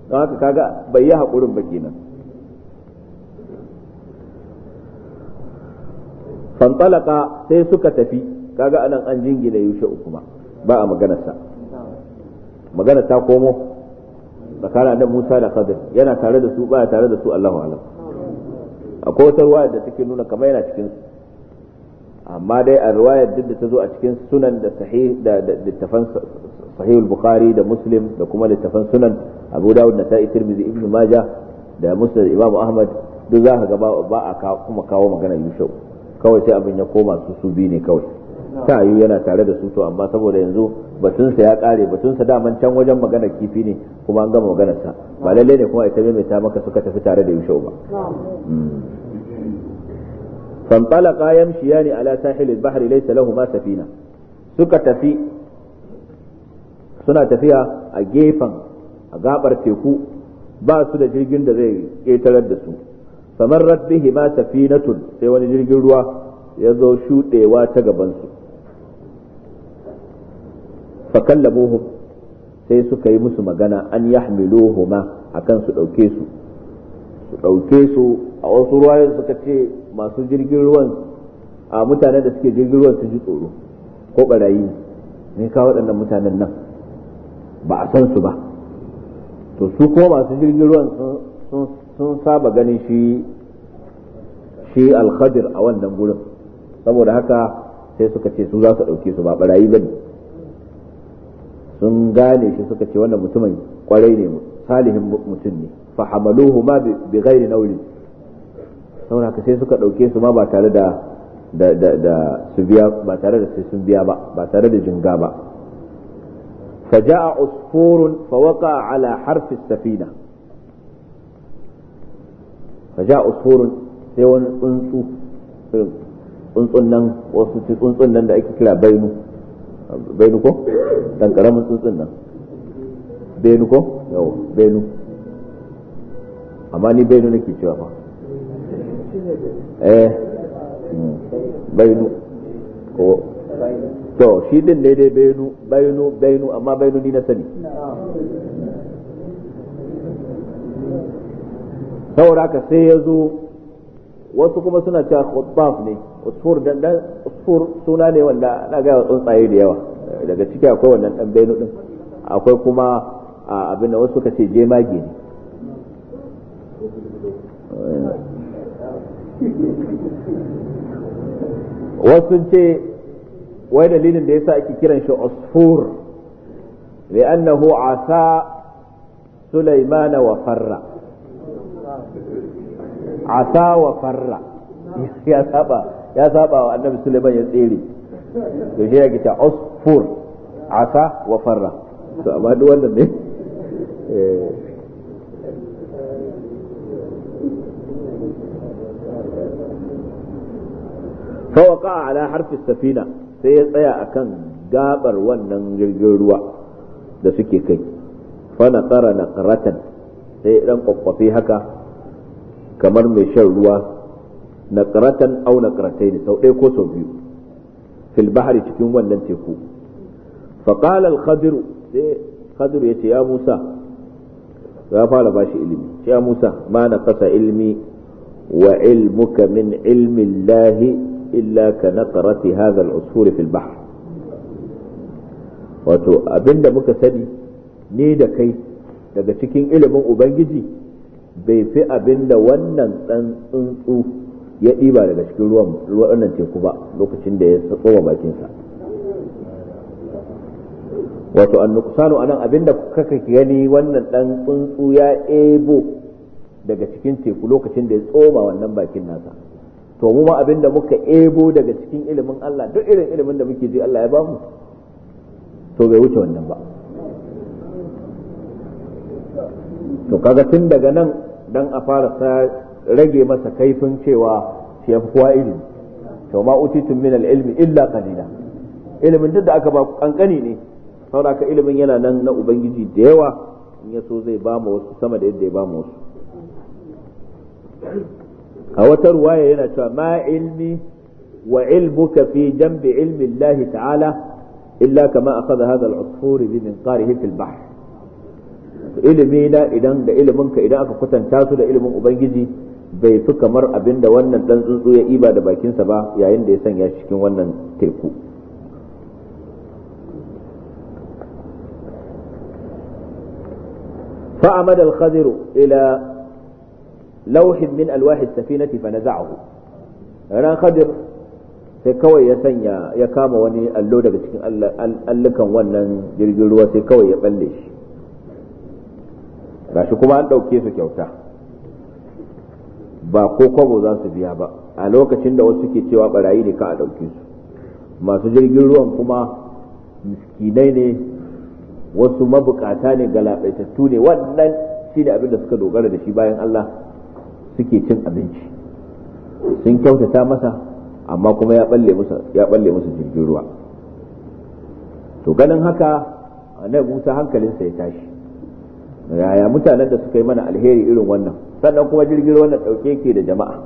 don haka kaga bai yi haƙurin ba kenan fantalaka sai suka tafi kaga anan an jingina yushe kuma ba a maganarsa magana ta komo tsakanin da Musa da Khadir yana tare da su ba tare da su Allahu a'lam akwai wata ruwa da take nuna kamar yana cikin su amma dai a riwayar duk da ta zo a cikin sunan da sahih da littafan sahih bukhari da muslim da kuma littafan sunan abu dawud da sa'i tirmidhi ibnu majah da musnad imam ahmad duk za ga ba a kuma kawo magana yushau kawai sai abin ya koma su su bi ne kawai ta yi yana tare da su to amma saboda yanzu batun sa ya kare batun batunsa daman can wajen magana kifi ne kuma an gama maganarsa ba lallai ne kuma ita mai ta maka suka tafi tare da yushau ba hmm. فانطلقا يمشيان على ساحل البحر ليس لهما سفينة suka tafi suna tafiya a gefen a gabar teku ba su da jirgin da zai ƙetarar da su famar bihi ma safinatun sai wani jirgin ruwa ya zo shuɗewa ta gabansu fakallabuhum sai suka yi musu magana an yahmiluhuma akan su ɗauke su su ɗauke su a wasu ruwayoyin suka ce masu jirgin ruwan a mutanen da suke jirgin ruwan su ji tsoro ko barayi ne ka waɗannan mutanen nan ba a san su ba to su ko masu jirgin ruwan sun saba ganin shi shi alkhadir a wannan gurin saboda haka sai suka ce su za su ɗauke su ba barayi ba sun gane shi suka ce wannan mutumin kwarai ne salihin mutum ne fa hamaluhu ma bi ghairi nauli saboda sai suka ɗauke su ma ba tare da da da da su biya ba tare da sai sun biya ba ba tare da jinga ba فجاء عصفور فوقع على حرف السفينة فجاء عصفور sai wani tsuntsu tsuntsun nan wasu tsuntsun nan da ake kira bainu bainu ko dan karamin tsuntsun nan bainu ko yawa bainu amma ni bainu nake cewa fa eh bainu ko to shi din ne dai bainu bainu bainu amma bainu ni na sani saboda haka sai ya zo wasu kuma suna cewa khutbaf ne usfur dan dan usfur suna ne wanda ana ga tsuntsaye da yawa daga ciki akwai wannan dan bainu din akwai kuma abin da wasu ka ce jemage ne wasu ce wai dalilin da yasa ake kiran shi usfur li'annahu asa sulaimana wa farra asa wa farra ya saba ya saba wa annabi sulaiman ya tsere to shi yake ta usfur asa wa farra to amma duk wannan ne eh, fawaka ala harfi safina sai ya tsaya akan gabar wannan jirgin ruwa da suke kai fana tsara na karatan sai dan kwakwafi haka kamar mai shan ruwa na karatan au na karatai sau ɗaya ko sau biyu fil bahari cikin wannan teku faƙala al-khadiru sai khadiru ya ce ya musa ya fara bashi ilimi ya musa ma na kasa ilmi wa ilmuka min ilmi lahi illa ka naqrati hadha al-usfur fi al wato abinda muka sani ni da kai daga cikin ilimin ubangiji bai fi abinda wannan dan tsuntsu ya ɗiba daga cikin ruwan teku ba lokacin da ya tsoma bakinsa wato an nukusanu anan abinda kaka gani wannan dan tsuntsu ya ebo daga cikin teku lokacin da ya tsoma wannan bakin nasa to mu ma abinda muka ebo daga cikin ilimin Allah duk irin ilimin da muke ji Allah ya ba mu to bai wuce wannan ba to kaga tun daga nan dan a fara rage masa kaifin cewa shi yafi kowa ilimi to ma utitum min al-ilmi illa qalila ilimin duk da aka ba kankani ne saboda ka ilimin yana nan na ubangiji da yawa in ya so zai ba mu wasu sama da yadda ya ba mu wasu a wata ruwaya yana cewa ma ilmi wa ilmuka fi jambi ilmi Allah ta'ala illa kama akhadha hadha al-usfur bi minqarihi fil bahr ilimi na idan da ilminka idan aka kwatanta su da ilimin ubangiji bai fi kamar abinda wannan dan tsuntsu ya iba da bakinsa ba yayin da ya sanya shi cikin wannan teku فعمد الخضر ila. lauhin min alwahi safinati fa naza'ahu ran khadir sai kawai ya sanya ya kama wani allo daga cikin allukan wannan jirgin ruwa sai kawai ya balle shi gashi kuma an ɗauke su kyauta ba ko kwabo za su biya ba a lokacin da wasu ke cewa barayi ne ka a ɗauke su masu jirgin ruwan kuma miskinai ne wasu mabukata ne galabaitattu ne wannan shi ne abin da suka dogara da shi bayan Allah suke cin abinci sun kyautata masa amma kuma ya balle musu ya balle musu jirgin ruwa to ganin haka annabi Musa hankalinsa ya tashi yaya mutanen da suka yi mana alheri irin wannan sannan kuma jirgin ruwa na dauke ke da jama'a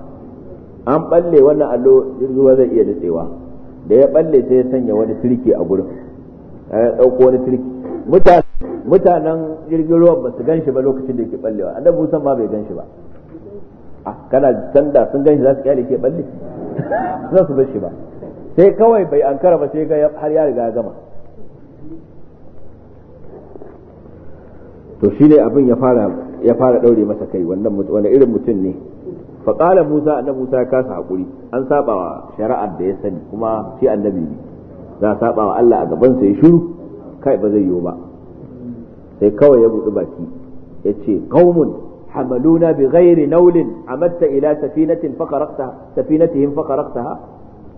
an balle wannan allo jirgin ruwa zai iya datsewa da ya balle sai ya sanya wani turki a gurin ya dauko wani turki mutanen jirgin ruwan ba su gan shi ba lokacin da yake ballewa annabi Musa ma bai gan shi ba Ah, kana sanda sun gan shi za su kyale ke balle za su bar shi ba sai kawai bai ankara ba sai ga har ya riga gama to shi ne abin ya fara ya fara daure masa kai wannan wani irin mutum ne fa qala musa annabi musa ya kasa hakuri an sabawa shari'ar da ya sani kuma shi annabi ne za sabawa Allah a gaban sa ya shiru kai ba zai yiwu ba sai kawai ya buɗi baki yace qaumun حملونا بغير نول عمدت إلى سفينة فقرقتها سفينتهم فقرقتها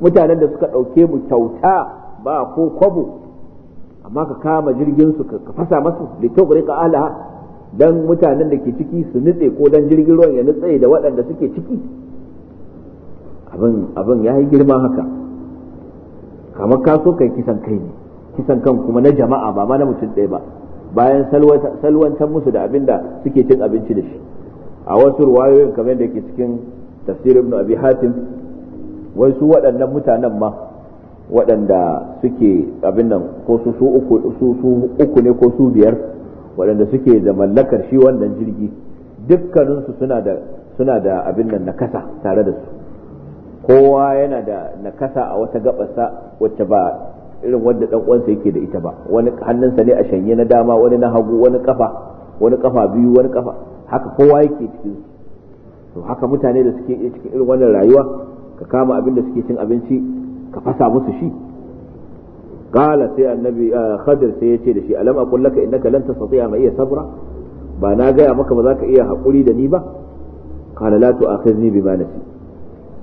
mutanen da suka ɗauke mu kyauta ba ko kwabo amma ka kama jirgin su ka fasa masu litogari ka alaha don mutanen da ke ciki su nutse ko don jirgin ruwan ya nutse da waɗanda suke ciki abin ya yi girma haka kamar ka so kai kisan kai ne kisan kan kuma na jama'a ba ma na mutum ɗaya ba bayan salwantar musu da abin da suke cin abinci da shi a wasu ruwayoyin kamar da ke cikin tafsirin ibn abi hatim wai su waɗannan mutanen ma waɗanda suke abin nan ko su su uku ne ko su biyar waɗanda suke da mallakar shi wannan jirgi dukkaninsu suna da suna da abin nan nakasa tare da su kowa yana da nakasa a wata gabasa wacce ba irin wanda dan uwansa yake da ita ba wani hannunsa ne a shanye na dama wani na hagu wani kafa wani kafa biyu wani kafa haka kowa yake cikin to haka mutane da suke cikin irin wannan rayuwa ka kama abin da suke cin abinci ka fasa musu shi qala sai annabi ah, khadir sai yace da shi alam aqul laka innaka lan tastati'a ma iya sabra ba na gaya maka ba za ka iya haƙuri da ni ba qala la tu'akhizni bima nasi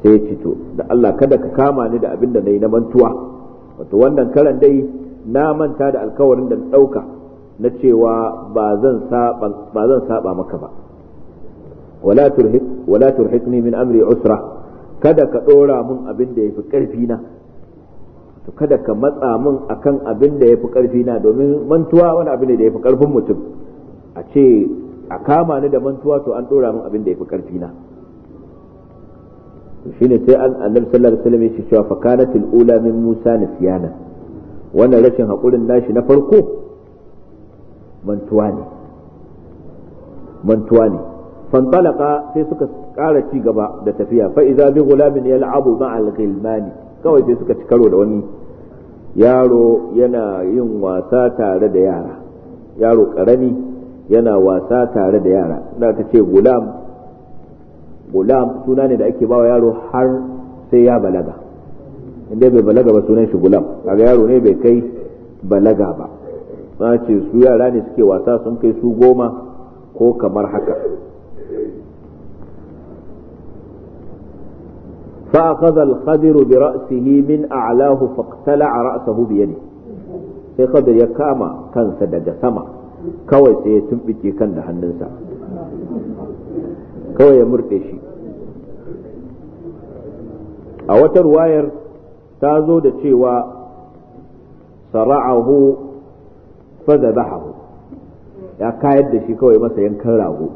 sai yace to da Allah kada ka kama ni da abin da nayi na mantuwa wato wannan karan dai na manta da alkawarin da na ɗauka na cewa ba zan saba maka ba wala turhiqni min amri usra kada ka ɗora mun abin da ya fi ƙarfi na to kada ka matsa mun akan abin da ya fi ƙarfi na domin mantuwa wani abin da ya fi ƙarfin mutum a ce a kama ni da mantuwa to an ɗora mun abin da ya fi ƙarfi na shine sai an annabi sallallahu alaihi wasallam ce cewa fa kanat ula min Musa nisyana wannan rashin hakurin nashi na farko mantuwa ne mantuwa ne fantalaka sai suka kara ci gaba da tafiya fa idza bi gulamin yal'abu ma'al ghilmani kawai sai suka ci karo da wani yaro yana yin wasa tare da yara yaro karami yana wasa tare da yara da ta ce gulam gulam suna ne da ake bawa yaro har sai ya balaga inda bai balaga ba sunan shi gulam kaga yaro ne bai kai balaga ba na ce su yara ne suke wasa sun kai su goma ko kamar haka فأخذ الخضر برأسه من أعلاه فاقتلع رأسه بيده sai khadir ya kama kansa daga sama kawai sai ya tumbice kan da hannunsa kawai ya murde shi a wata ruwayar ta zo da cewa sara'ahu fadabahu ya kayar da shi kawai masa yankan rago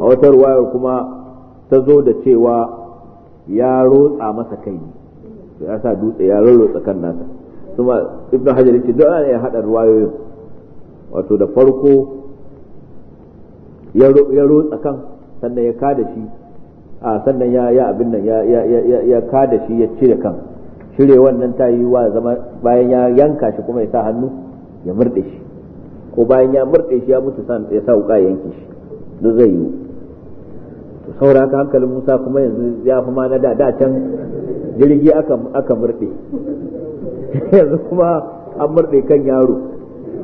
a wata ruwayar kuma ta zo da cewa ya rotsa masa kai ya sa dutse ya rotsa kan nasa kuma ibn hajar yace duk ana hada ruwayoyin wato da farko ya rotsa kan sannan ya kada shi a sannan ya ya abin nan ya ya ya ya da shi ya cire kan cire wannan ta yi wa zama bayan ya yanka shi kuma ya sa hannu ya murde shi ko bayan ya murde shi ya mutu san ya sa wuka yanke shi duk zai yi to saura ka hankalin Musa kuma yanzu ya fi ma na da da can jirgi aka aka murde yanzu kuma an murde kan yaro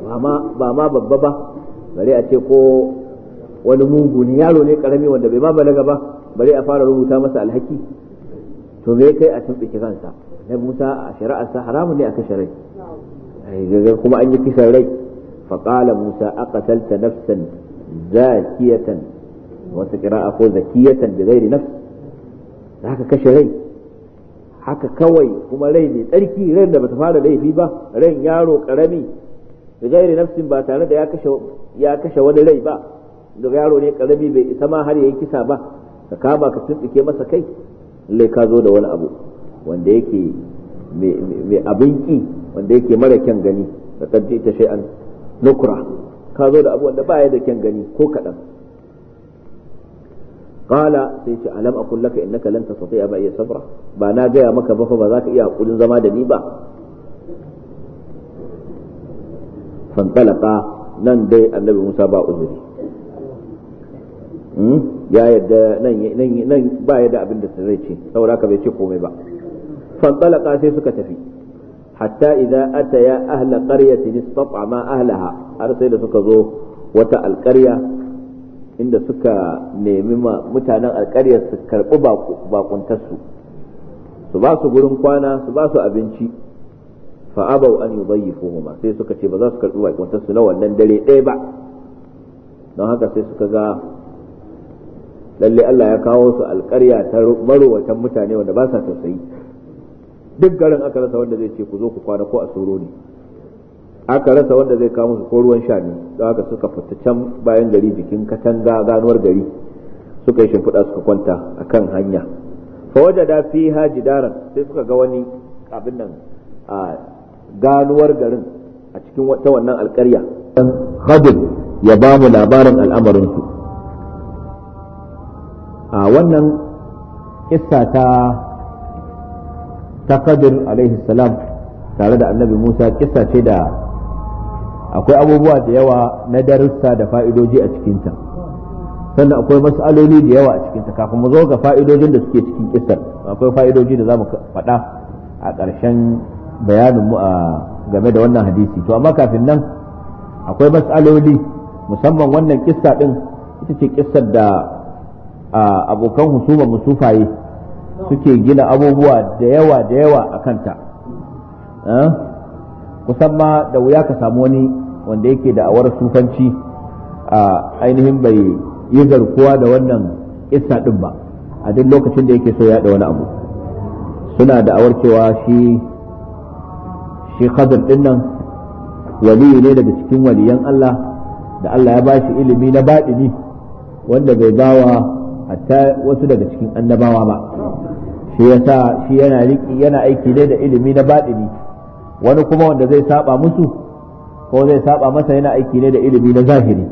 ba ma ba ma babba ba bare a ce ko wani mugu ne yaro ne karami wanda bai ma balaga ba bare a fara rubuta masa alhaki to me kai a tumɓuke kansa na musa a shari'arsa haramun ne a kashe rai gagar kuma an yi kisan rai faƙala musa a aqatalta nafsan zakiyatan wata ƙira'a ko zakiyatan da gairi nafs da haka kashe rai haka kawai kuma rai mai tsarki rai da bata fara laifi ba rai yaro karami da gairi nafsin ba tare da ya kashe wani rai ba da yaro ne karami bai isa ma har yayi kisa ba ka kama ka tuntuke masa kai lai ka zo da wani abu wanda yake mai abin wanda yake mara kyan gani ka ita shi an nukura ka zo da abu wanda ba ya da kyan gani ko kaɗan kala sai ce alam kullaka laka innaka lan tastati'a ba iya sabra ba na gaya maka ba ba za ka iya haƙurin zama da ni ba fantalaka nan dai annabi Musa ba uzuri Hmm? ya yadda nan nan ba ya da abin da zai ce saboda haka bai ce komai ba fantalaka sai suka tafi hatta idza ataya ahla qaryatin istat'ama ahlaha har sai da suka zo wata alƙarya inda suka nemi mutanen alƙaryar su karɓi bakuntarsu su ba su gurin kwana su ba su abinci fa abau an yudayyifuhuma sai suka ce ba za su karɓi bakuntarsu na wannan dare ɗaya ba don haka sai suka ga lalle Allah ya kawo su alƙarya ta marowatan mutane wanda ba sa tausayi duk garin aka rasa wanda zai ce ku zo ku kwana ko a tsoro ne aka rasa wanda zai kawo musu ko ruwan sha ne don haka suka fita can bayan gari jikin katanga ganuwar gari suka yi shimfiɗa suka kwanta a kan hanya fa fi haji daren sai suka ga wani abin nan a ganuwar garin a cikin ta wannan alƙarya dan ya ba mu labarin al'amarin su a ah, wannan kissa ta ta qadir alaihi salam tare da annabi Musa kissa ce da akwai abubuwa da yawa na darussa da fa'idoji a cikinta sannan akwai mas'aloli da yawa a cikinta kafin mu zo ga fa'idojin da suke cikin kissar akwai fa'idoji da za mu faɗa a ƙarshen bayanin mu a game da wannan hadisi to amma kafin nan akwai mas'aloli musamman wannan kissa ɗin ita ce kissar da a abokan husuma musufaye suke gina abubuwa da yawa da yawa a kanta kusan ma da wuya ka samu wani wanda yake da awar sufanci a ainihin bai yi garkuwa da wannan isa ɗin ba a duk lokacin da yake so ya da wani abu suna da awar cewa shi shi khazir din nan waliyu ne daga cikin waliyan Allah da Allah ya ba shi ilimi na baɗini wanda bai bawa hatta wasu daga cikin annabawa ba shi yasa shi yana riki yana aiki dai da ilimi na baɗini wani kuma wanda zai saba musu ko zai saba masa yana aiki ne da ilimi na zahiri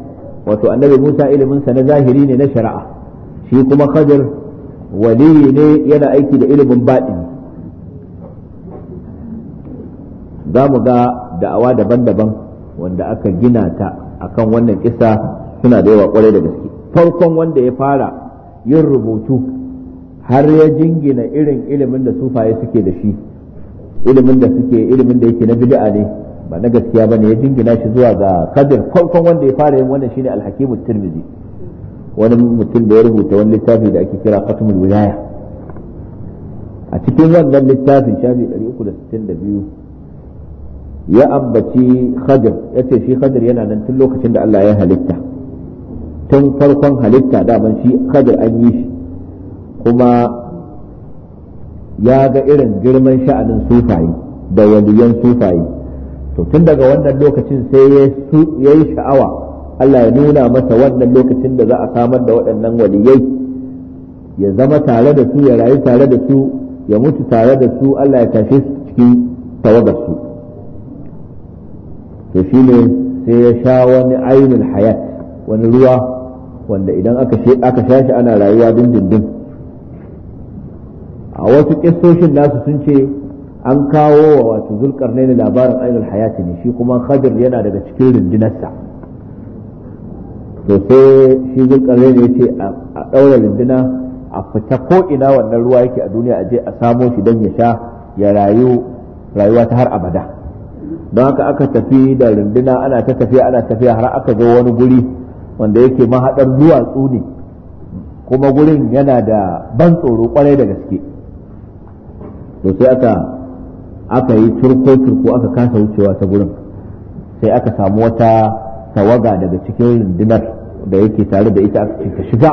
wato annabi Musa iliminsa na zahiri ne na shari'a shi kuma Khadir wali ne yana aiki da ilimin baɗini za mu ga da'awa daban-daban wanda aka gina ta akan wannan kisa suna da yawa kwarai da gaske farkon wanda ya fara yin rubutu har ya jingina irin ilimin da sufaye suke da shi ilimin da suke ilimin da yake na bid'a ne ba na gaskiya ba ne ya jingina shi zuwa ga kadir farkon wanda ya fara yin wannan shine alhakimu tirmidhi wani mutum da ya rubuta wani littafi da ake kira khatmul wilaya a cikin wannan littafin shafi 362 ya ambaci khadir yace shi khadir yana nan tun lokacin da Allah ya halitta tun farkon halitta daman shi khadir an yi shi kuma ya ga irin girman sha'anin sufaye da waliyan sufaye to tun daga wannan lokacin sai ya yi sha'awa Allah ya nuna masa wannan lokacin da za a samar da waɗannan waliyai ya zama tare da su ya rayu tare da su ya mutu tare da su Allah ya tashe su cikin tawagar su to ne sai ya sha wani ainul hayat wani ruwa wanda idan aka sha shi ana rayuwa dindindin a wasu kistoshin nasu sun ce an kawo wa wato ne labarin ainul hayati ne shi kuma khadir yana daga cikin rundunarsa to sai shi zulkarnaini ya ce a ɗaura runduna a fita ko ina wannan ruwa yake a duniya a je a samo shi don ya sha ya rayu rayuwa ta har abada don haka aka tafi da runduna ana ta tafiya ana tafiya har aka zo wani guri wanda yake mahaɗar duwatsu ne kuma gurin yana da ban tsoro kwarai da gaske to sai aka aka yi turko-turko aka kasa wucewa ta gurin sai aka samu wata tawaga daga cikin rundunar da yake tare da ita aka shiga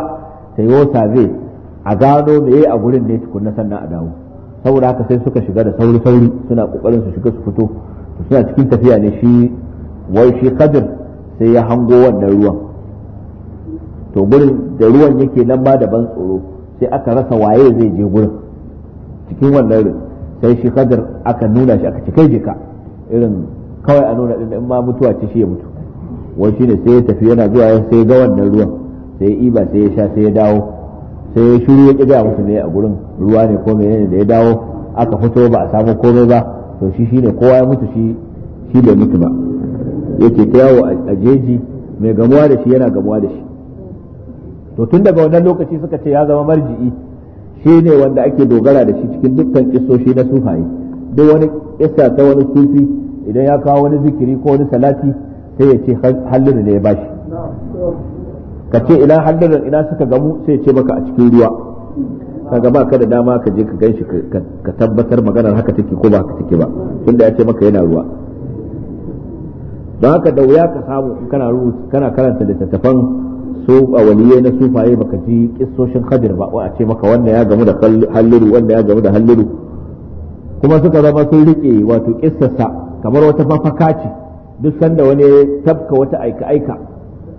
ta yi save a gano me a gurin ne tukuna sannan a dawo saboda haka sai suka shiga da sauri-sauri suna kokarin su shiga su fito suna cikin tafiya ne shi wai shi kadir sai ya hango wannan ruwan to gurin da ruwan yake nan ma da ban tsoro sai aka rasa waye zai je gurin cikin wannan sai shi kadar aka nuna shi aka cika jika irin kawai a nuna din in ma mutuwa ce shi ya mutu wai shine sai ya tafi yana zuwa sai ga wannan ruwan sai ya iba sai ya sha sai ya dawo sai ya shiru ya kiga musu ne a gurin ruwa ne ko menene da ya dawo aka fito ba a samu komai ba to shi shine kowa ya mutu shi shi bai mutu ba yake ta yawo a jeji mai gamuwa da shi yana gamuwa da shi to tun daga wannan lokaci suka ce ya zama marji'i shi ne wanda ake dogara da shi cikin dukkan kisoshi na sufaye duk wani kissa ta wani sufi idan ya kawo wani zikiri ko wani salati sai ya ce hallin ne ya bashi ka ce ina hallirin ina suka gamu sai ya ce maka a cikin ruwa ka gama ka da dama ka je ka ganshi ka tabbatar maganar haka take ko ba haka take ba tunda ya ce maka yana ruwa don haka da wuya ka samu kana kana karanta littattafan su a waliyai na sufaye baka ji kissoshin hadir ba a ce maka wanda ya gamu da halliru wanda ya gamu da halliru kuma suka zama sun rike wato kissasa kamar wata mafaka ce duk sanda wani tabka wata aika aika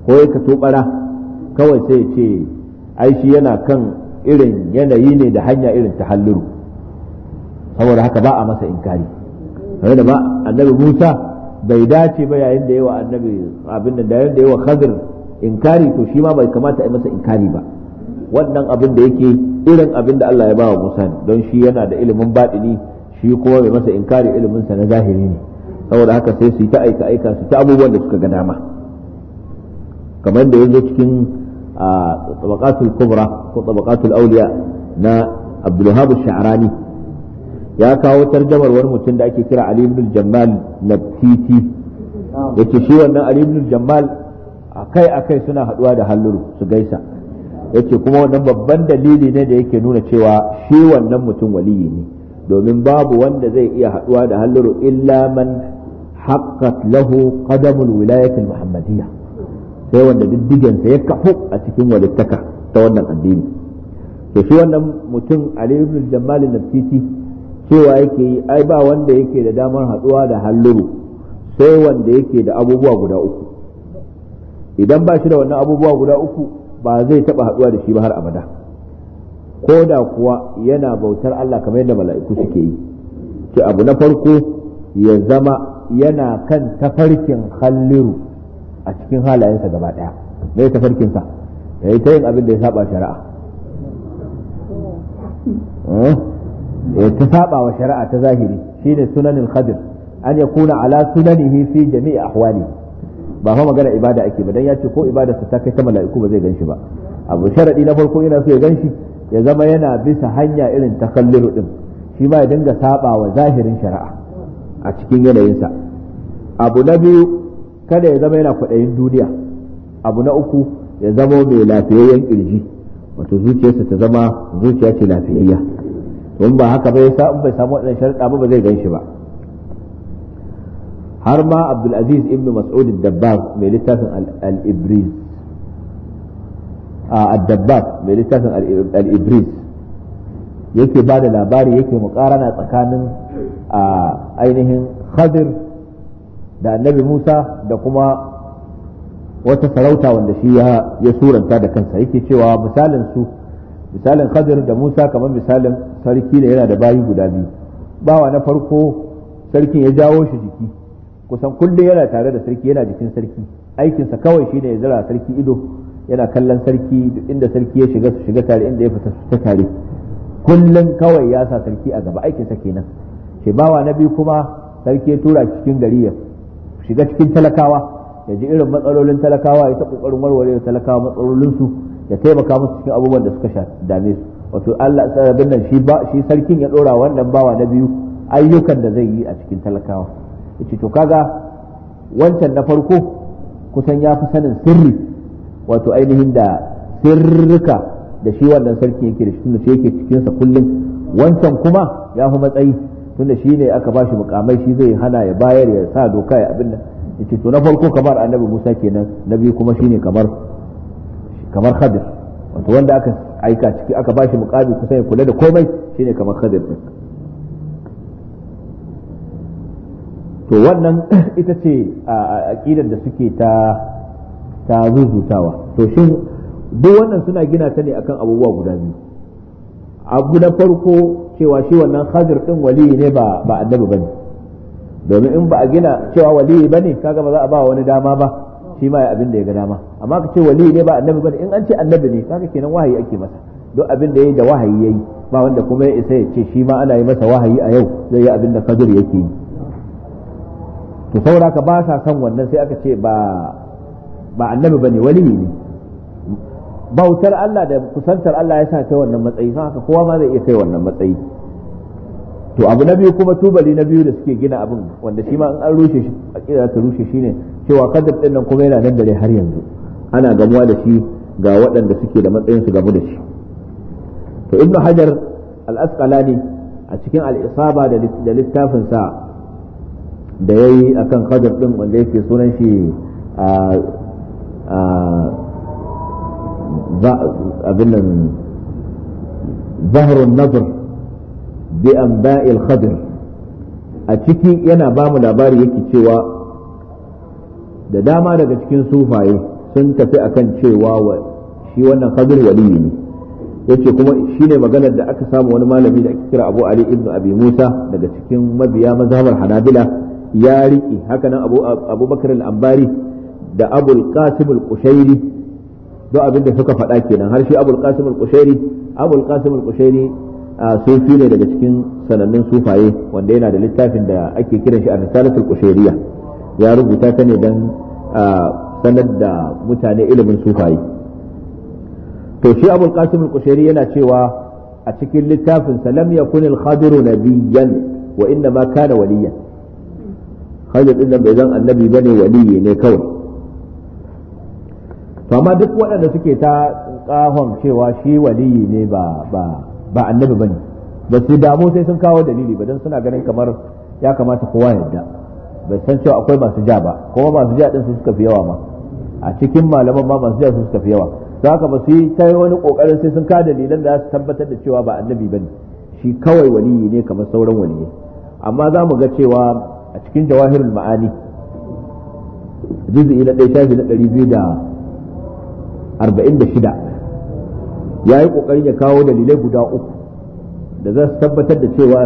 ko ya ka tobara kawai sai ce ai shi yana kan irin yanayi ne da hanya irin ta halliru saboda haka ba a masa inkari kare da ba annabi Musa bai dace ba yayin da yawa annabi abin da yayin da yawa Khadir inkari to shi ma bai kamata a yi masa inkari ba wannan abin da yake irin abin da Allah ya ba wa Musa don shi yana da ilimin baɗini shi kuma bai masa inkari ilimin sa na zahiri ne saboda haka sai su yi ta aika aika su ta abubuwan da suka ga dama kamar da yanzu cikin tabaqatul kubra ko tabaqatul awliya na Abdul Wahab Sha'rani ya kawo tarjamar wani mutum da ake kira Ali ibn Jammal titi yace shi wannan Ali ibn Jammal akai akai suna haduwa da halluru su gaisa yace kuma wannan babban dalili ne da yake nuna cewa shi wannan mutum waliyi ne domin babu wanda zai iya haduwa da halluru illa man haqqat lahu qadamul wilayati muhammadiyya sai wanda diddigensa ya kafu a cikin walittaka ta wannan addini to shi wannan mutum ali ibn jamal nafsisi cewa yake yi ai ba wanda yake da damar haduwa da halluru sai wanda yake da abubuwa guda uku idan ba shi da wannan abubuwa guda uku ba zai taba haduwa da shi ba har abada ko da kuwa yana bautar Allah kamar yadda mala'iku suke yi ce abu na farko ya zama yana kan tafarkin halliru a cikin halayensa gaba daya me tafarkinsa ya yi ta yin abin da ya saba shari'a eh? ta saba wa shari'a ta zahiri shine sunanin khadir an kuna ala sunanihi fi jami'i ahwalihi ba fa magana ibada ake ba dan ya ce ko ibada ta kai ta mala'iku ba zai ganshi ba abu sharadi na farko yana so ya ganshi ya zama yana bisa hanya irin takalluru din shi ba ya dinga saba wa zahirin shari'a a cikin yanayinsa abu na biyu kada ya zama yana kwaɗayin duniya abu na uku ya zama mai lafiyayyen kirji wato zuciyarsa ta zama zuciya ce lafiyayya don ba haka ba ya sa bai samu waɗannan sharuɗa ba ba zai ganshi ba har ma abdulaziz ibn mas'ud ad mai littafin al ah, mai littafin al yake ba da labari yake mukarana tsakanin ah, ainihin khadir da annabi musa da kuma wata sarauta wanda shi ya suranta da kansa yake cewa misalin su misalin khadir da musa kamar misalin sarki ne yana da bayi guda biyu bawa na farko sarkin ya jawo shi jiki kusan kullum yana tare da sarki yana jikin sarki aikinsa kawai shine ya zira sarki ido yana kallon sarki inda sarki ya shiga su shiga tare inda ya fita su ta tare kullum kawai ya sa sarki a gaba aikinsa kenan shi bawa na biyu kuma sarki ya tura cikin gari ya shiga cikin talakawa ya ji irin matsalolin talakawa ya ta kokarin warware talakawa matsalolin su ya taimaka musu cikin abubuwan da suka dame su wato Allah sarabin nan shi shi sarkin ya dora wannan bawa na biyu ayyukan da zai yi a cikin talakawa yace to kaga wancan na farko kusan ya fi sanin sirri wato ainihin da sirrika da shi wannan sarki yake da shi tunda shi yake cikin sa kullum wancan kuma ya fi matsayi tunda shi ne aka bashi mukamai shi zai hana ya bayar ya sa doka ya abin nan yace to na farko kamar annabi Musa kenan nabi kuma shine kamar kamar Khadir wato wanda aka aika ciki aka bashi mukabi kusan ya kula da komai shine kamar Khadir din to wannan ita ce aqidar da suke ta ta zuzutawa to shin duk wannan suna gina ta ne akan abubuwa guda biyu abu na farko cewa shi wannan hajar din waliyi ne ba ba annabi bane domin in ba a gina cewa waliyi bane kaga ba za a ba wani dama ba shi ma ya abin da ya ga dama amma ka ce waliyi ne ba annabi bane in an ce annabi ne kaga kenan wahayi ake masa duk abin da yayi da wahayi yayi ba wanda kuma ya isa ya ce shi ma ana yi masa wahayi a yau zai yi abin da kadir yake yi to saboda ka ba sa son wannan sai aka ce ba ba annabi bane waliyi ne bautar Allah da kusantar Allah ya sa kai wannan matsayi sai haka kowa ma zai iya kai wannan matsayi to abu na biyu kuma tubali na biyu da suke gina abin wanda shi ma in an rushe shi akida ta rushe shine cewa kadar din nan kuma yana nan dare har yanzu ana gamuwa da shi ga waɗanda suke da matsayin su gamu da shi to ibnu hajar al-asqalani a cikin al-isaba da littafin sa da ya yi a kan khadar ɗin wanda yake sunan shi a abin nan zaharun nazar bi an ba'il khadar a ciki yana ba mu labari yake cewa da dama daga cikin sufaye sun tafi akan cewa wa shi wannan khadir waliyi ne yace kuma shine maganar da aka samu wani malami da ake kira Abu Ali ibn Abi Musa daga cikin mabiya mazhabar Hanabila ya riƙe haka nan abubakar al-ambari da abul qasim al-qushairi duk abin da suka faɗa kenan har shi abul qasim al-qushairi abul qasim al-qushairi sufi ne daga cikin sanannun sufaye wanda yana da littafin da ake kiran shi a risalatul qushairiyya ya rubuta ta ne dan sanar da mutane ilimin sufaye to shi abul qasim al-qushairi yana cewa a cikin littafin sa lam yakun al-khadiru nabiyyan wa inna ma kana waliyan hajjar din nan bai zan annabi bane waliyi ne kawai to amma duk waɗanda suke ta kahon cewa shi waliyi ne ba ba ba annabi bane ba su damu sai sun kawo dalili ba dan suna ganin kamar ya kamata kowa yadda bai san cewa akwai masu ja ba kuma masu ja din su suka fi yawa ma a cikin malaman ma masu ja su suka fi yawa don haka ba su yi ta wani kokarin sai sun ka dalilan da za su tabbatar da cewa ba annabi bane shi kawai waliyi ne kamar sauran waliyi amma za mu ga cewa a cikin jawahirul ma'ani juz'i na ɗaya shafi na ɗari biyu da arba'in da shida ya yi ƙoƙarin ya kawo dalilai guda uku da za su tabbatar da cewa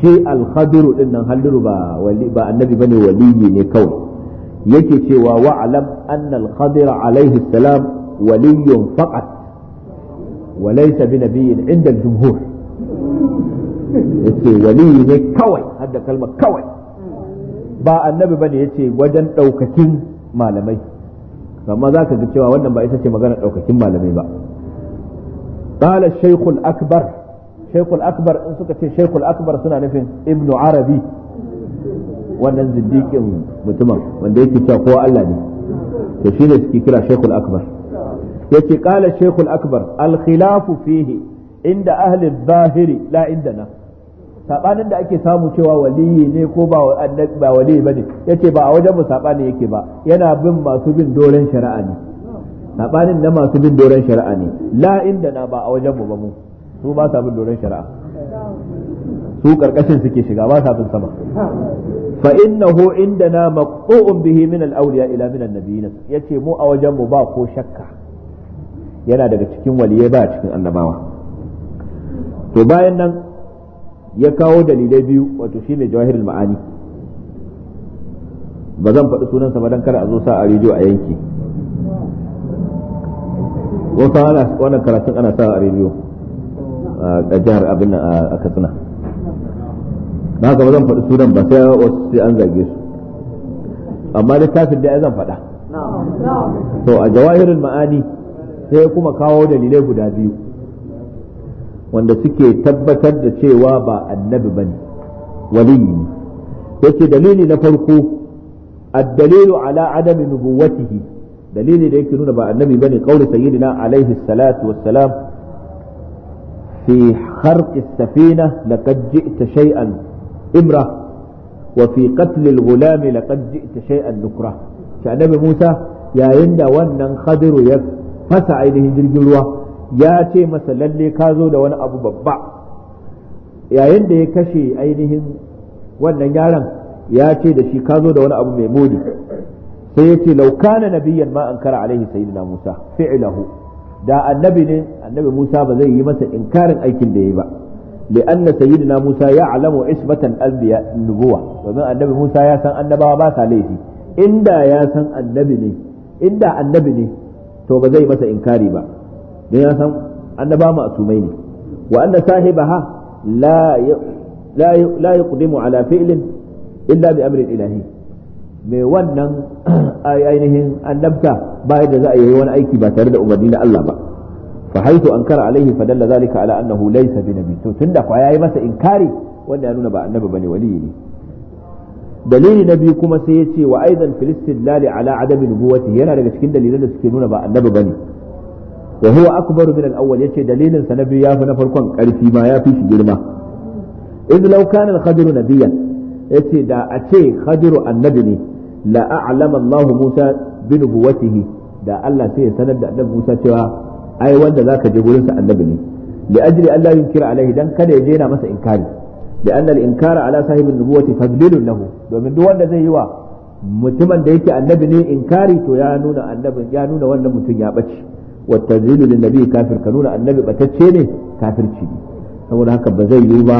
shi alhadiru ɗin nan halliru ba annabi ba ne waliyi ne kawai yake cewa wa'alam annal khadira alaihi salam waliyun faqat wa bi nabiyyin inda jumhur yace waliyi ne kawai hadda kalmar kawai ba annabi bane yace wajen daukakin malamai amma ka ga cewa wannan ba ita ce magana daukakin malamai ba qala shaykh akbar shaykh akbar in suka ce shaykh akbar suna nufin ibnu arabi wannan ziddiqin mutumin wanda yake cewa kowa Allah ne to ne suke kira shaykh akbar yace qala shaykh akbar al khilafu fihi inda ahli al-zahiri la indana sabanin da ake samu cewa waliyi ne ko ba ba waliyi bane yace ba a wajen mu sabani yake ba yana bin masu bin doren shari'a ne sabanin na masu bin doren shari'a ne la inda na ba a wajen mu ba mu su ba sa bin doren shari'a su karkashin suke shiga ba sa bin sama fa innahu indana maqtu'un bihi min al-awliya ila min an-nabiyyin yace mu a wajen mu ba ko shakka yana daga cikin waliyai ba cikin annabawa to bayan nan ya kawo dalilai biyu wato shine jawahirul ma'ani ba zan faɗi sa ba dan kada a zo sa a rediyo a yanki wasu ana wannan karatun ana sa a rediyo a jihar abin a katsina na haka ba zan faɗi sunan ba sai wasu sai an zage su amma littafin da ya zan faɗa to a jawahirul ma'ani sai kuma kawo dalilai guda biyu wanda suke tabbatar da cewa ba annabi ba ne waliyi yake dalili na farko addalilu ala adami nubuwatihi dalili da yake nuna ba annabi ba ne kauli sayyidina alaihi salatu wassalam fi harqi safina laqad ji'ta shay'an imra wa fi qatl al-ghulam laqad ji'ta nukra annabi musa yayin da wannan khadiru ya fasa ainihin jirgin ruwa ya ce masa lalle ka zo da wani abu babba yayin da ya kashe ainihin wannan yaron ya ce da shi ka zo da wani abu mai muni sai ya ce laukana Nabiyan ma an kara alaihi sayyidina musa fi'lahu da annabi ne annabi musa ba zai yi masa inkarin aikin da ya yi ba li'anna sayyidina musa ya alamu isbatan anbiya nubuwa domin annabi musa ya san annabawa ba sa laifi inda ya san annabi ne inda annabi ne to ba zai masa inkari ba don ya san annaba masumai ne wa anna sahibaha la ya yuqdimu ala fi'lin illa bi amrin ilahi mai wannan ainihin annabta bayan da za a yi wani aiki ba tare da umarni na Allah ba fa haitu ankara alaihi fa dalla zalika ala annahu laysa bi nabi to tunda kwa yayi masa inkari wanda ya nuna ba annabi bane ne dalili na biyu kuma sai ya ce wa aidan filistin lali ala adami nubuwati yana daga cikin dalilan da suke nuna ba annabi bane wa huwa akbaru min al-awwal yace dalilin sa na biyu yafi na farkon karfi ma yafi shi girma idh law kana al-khadiru nabiyan yace da a ce annabi ne la a'lama Allah Musa bi nubuwatihi da Allah sai ya sanar da annabi Musa cewa ai wanda zaka je gurin sa annabi ne li ajli Allah yunkira alaihi dan kada ya je na masa inkari li anna al-inkara ala sahibi an-nubuwati fadlilun lahu domin duk wanda zai yi wa mutumin da yake annabi ne inkari to ya nuna ya nuna wannan mutum ya bace wata tazlilu lin nabi kafir ka nuna annabi batacce ne kafirci ne saboda haka ba zai yiwu ba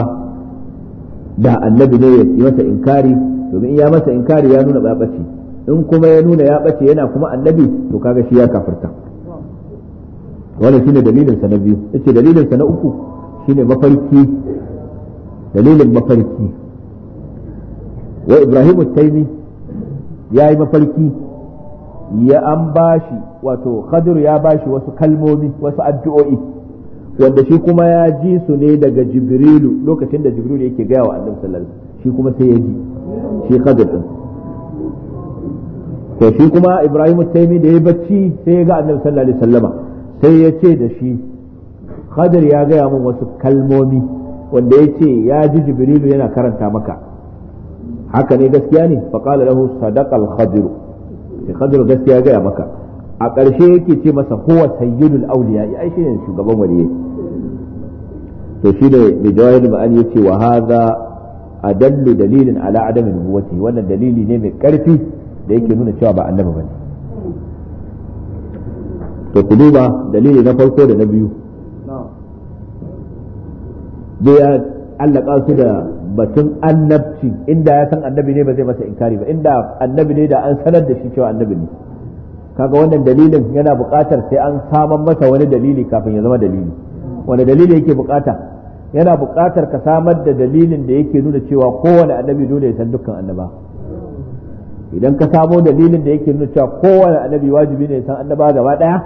da annabi ne ya masa inkari domin ya masa inkari ya nuna ba in kuma ya nuna ya bace yana kuma annabi to kaga shi ya kafirta wannan shine dalilin sa na biyu yace dalilin sa na uku shine mafarki dalilin mafarki wa ibrahim at ya yi mafarki ya an bashi wato khadir ya bashi wasu kalmomi wasu addu'o'i wanda shi kuma ya ji su ne daga jibrilu lokacin da jibrilu yake gaya wa annabi sallallahu alaihi wasallam shi kuma sai ya ji shi khadir din to shi kuma ibrahim taimi da ya bacci sai ya ga annabi sallallahu alaihi wasallama sai ya ce da shi khadir ya gaya min wasu kalmomi wanda ya ce ya ji jibrilu yana karanta maka haka ne gaskiya ne faqala lahu sadaqal khadiru ce Khadir gaskiya gaya maka a ƙarshe yake ce masa huwa sayyidul ya ai shine shugaban waliyyi to shine mai jawahir ma'ani yace wa hadha adallu dalilin ala adami nubuwati wannan dalili ne mai karfi da yake nuna cewa ba annabi bane to ku duba dalili na farko da na biyu da ya allaka su da batun annabci inda ya san annabi ne ba zai masa inkari ba inda annabi ne da an sanar da shi cewa annabi ne kaga wannan dalilin yana buƙatar sai an saman masa wani dalili kafin ya zama dalili wani dalili yake buƙata yana buƙatar ka samar da dalilin da yake nuna cewa kowane annabi dole ya san dukkan annaba idan ka samo dalilin da yake nuna cewa kowane annabi wajibi ne ya san annaba gaba ɗaya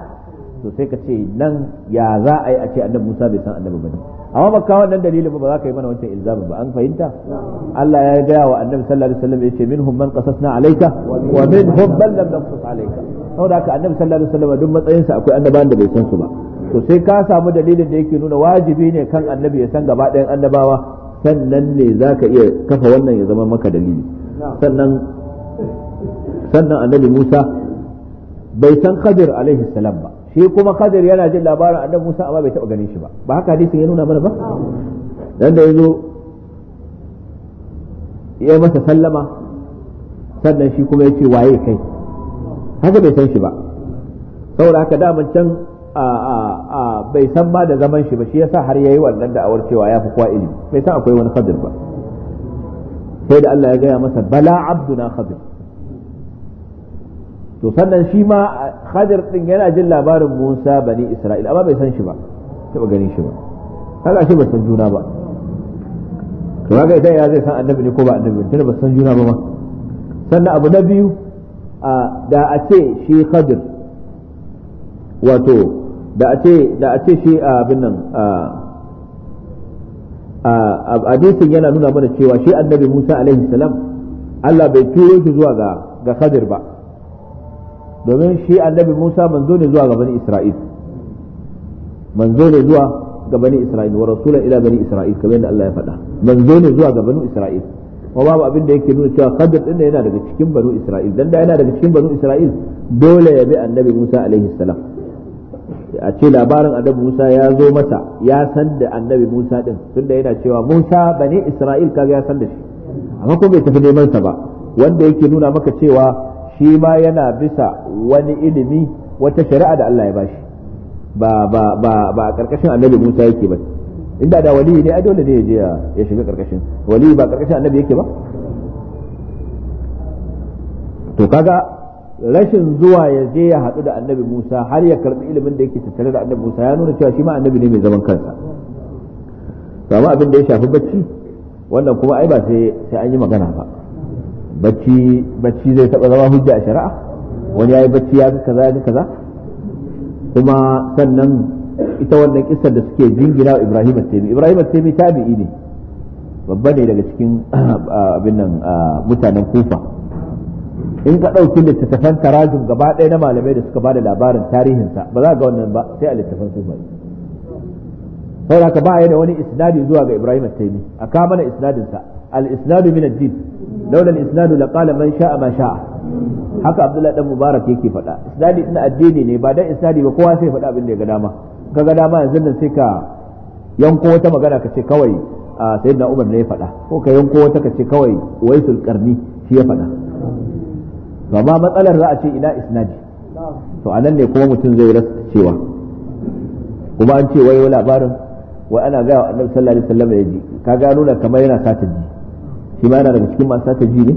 to sai ka ce nan ya za a yi a ce annabi Musa bai san annabi ba ne amma ba kawo wannan dalilin ba za ka yi mana wancan ilzamin ba an fahimta Allah ya gaya wa annabi sallallahu alaihi wasallam yace minhum man qasasna alayka wa minhum man lam naqsas alayka saboda haka annabi sallallahu alaihi wasallam duk matsayin sa akwai annabawan da bai san su ba to sai ka samu dalilin da yake nuna wajibi ne kan annabi ya san gaba ɗayan annabawa sannan ne za ka iya kafa wannan ya zama maka dalili sannan sannan annabi Musa bai san Khadir alaihi salam ba shi kuma kadir yana jin labarin annabi Musa amma bai taɓa ganin shi ba ba haka hadisin ya nuna mana ba dan da yazo ya masa sallama sannan shi kuma ya ce waye kai haka bai san shi ba saboda haka daman can a bai san ma da zaman shi ba shi yasa har yayi wannan da cewa ya fi kowa ilimi bai san akwai wani Khadir ba sai da Allah ya gaya masa bala abduna Khadir to sannan shi ma Khadir din yana jin labarin Musa bani Isra'il amma bai san shi ba taba ganin shi ba kaga shi ba san juna ba to kaga idan ya zai san annabi ne ko ba annabi tunda ba san juna ba ma sannan abu na biyu da a ce shi Khadir wato da a ce da a ce shi abin nan a hadisin yana nuna mana cewa shi annabi Musa alaihi salam Allah bai turo shi zuwa ga ga Khadir ba domin shi annabi Musa manzo ne zuwa ga bani Isra'il manzo ne zuwa ga bani Isra'il wa rasulan ila bani Isra'il kamar yadda Allah ya faɗa manzo ne zuwa ga bani Isra'il wa babu abin da yake nuna cewa Khadir din yana daga cikin bani Isra'il dan da yana daga cikin bani Isra'il dole ya bi annabi Musa alaihi salam a ce labarin annabi Musa ya zo masa ya san da annabi Musa din tunda yana cewa Musa bani Isra'il kaga ya san da shi amma ko bai tafi neman sa ba wanda yake nuna maka cewa shi ma yana bisa wani ilimi wata shari'a da Allah ya bashi ba ba ba ba a karkashin annabi Musa yake ba inda da wali ne ai dole ne ya je ya shiga karkashin wali ba karkashin annabi yake ba to kaga rashin zuwa ya je ya haɗu da annabi Musa har ya karbi ilimin da yake tattare da annabi Musa ya nuna cewa shi ma annabi ne mai zaman kansa to amma abin da ya shafi bacci wannan kuma ai ba sai sai an yi magana ba bacci bacci zai taba zama hujja a shari'a wani yayi bacci ya ga kaza ya ga kaza kuma sannan ita wannan kissar da suke jingina Ibrahim at-Taymi Ibrahim at-Taymi tabi'i ne babba ne daga cikin ah, abin nan ah, mutanen Kufa in ka ɗauki littattafan tarajum gaba ɗaya na malamai da suka ba da labarin tarihinsa ba za ga wannan ba sai a littattafan Kufa saboda ka ba yi da wani isnadi zuwa ga Ibrahim at-Taymi a kama na isnadinsa al-isnadu min ad-din laula al-isnadu laqala man sha'a ma sha'a haka abdullahi dan Mubaraka yake faɗa isnadi din addini ne ba dan isnadi ba kowa faɗa abin da ya ga dama ka ga dama yanzu nan sai ka yanko wata magana ka ce kawai sayyidina umar ne ya faɗa ko ka yanko wata ka ce kawai waisul qarni shi ya faɗa to amma matsalar za a ce ina isnadi to anan ne kuma mutum zai rasa cewa kuma an ce wai labarin wai ana ga annabi sallallahu alaihi wasallam ya ji ka ga nuna kamar yana sata ji shi ma yana daga cikin masu sata ji ne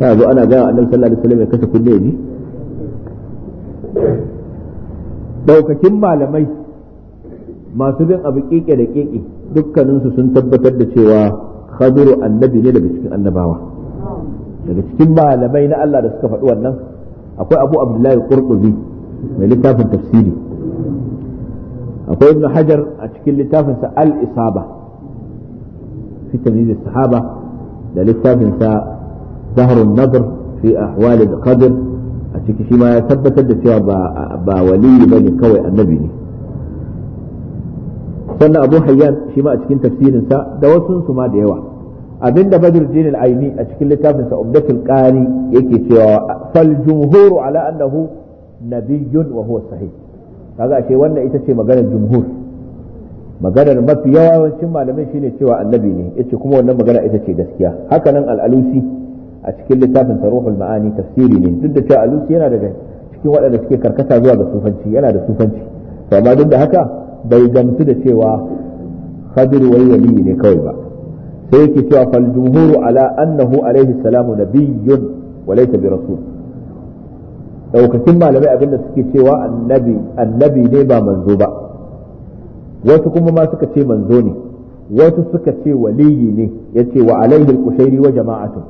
ya zo ana gaya annabi sallallahu alaihi wasallam ya kasa kunne ji daukakin malamai masu bin abu keke da keke dukkaninsu sun tabbatar da cewa khadiru annabi ne daga cikin annabawa daga cikin malamai na Allah da suka faɗi wannan akwai abu abdullahi qurtubi mai littafin tafsiri akwai ibn hajar a cikin littafinsa al-isaba fi tamyiz sahaba da littafin sa zahrun nadar fi ahwal al-qadr a ciki shi ma ya tabbatar da cewa ba ba waliyi kawai annabi ne sannan abu hayyan shi ma a cikin tafsirin sa da wasu su ma da yawa abinda badr din al-aini a cikin littafin sa umdatul qari yake cewa fal jumhur ala annahu nabiyyun wa huwa sahih kaga ashe wannan ita ce maganar jumhur maganar mafi yawancin malamai shine cewa annabi ne yace kuma wannan magana ita ce gaskiya hakanan al-alusi a cikin littafin taruhul ma'ani tafsiri ne duk da cewa alusi yana daga cikin waɗanda suke karkata zuwa ga sufanci yana da sufanci to amma duk da haka bai gamsu da cewa khadir wai wali ne kawai ba sai yake cewa fal jumhuru ala annahu alaihi salamu nabiyyun wa laysa bi rasul daukakin malamai abinda suke cewa annabi annabi ne ba manzo ba wasu kuma ma suka ce manzo ne wasu suka ce waliyi ne ce wa alaihi al wa jama'atun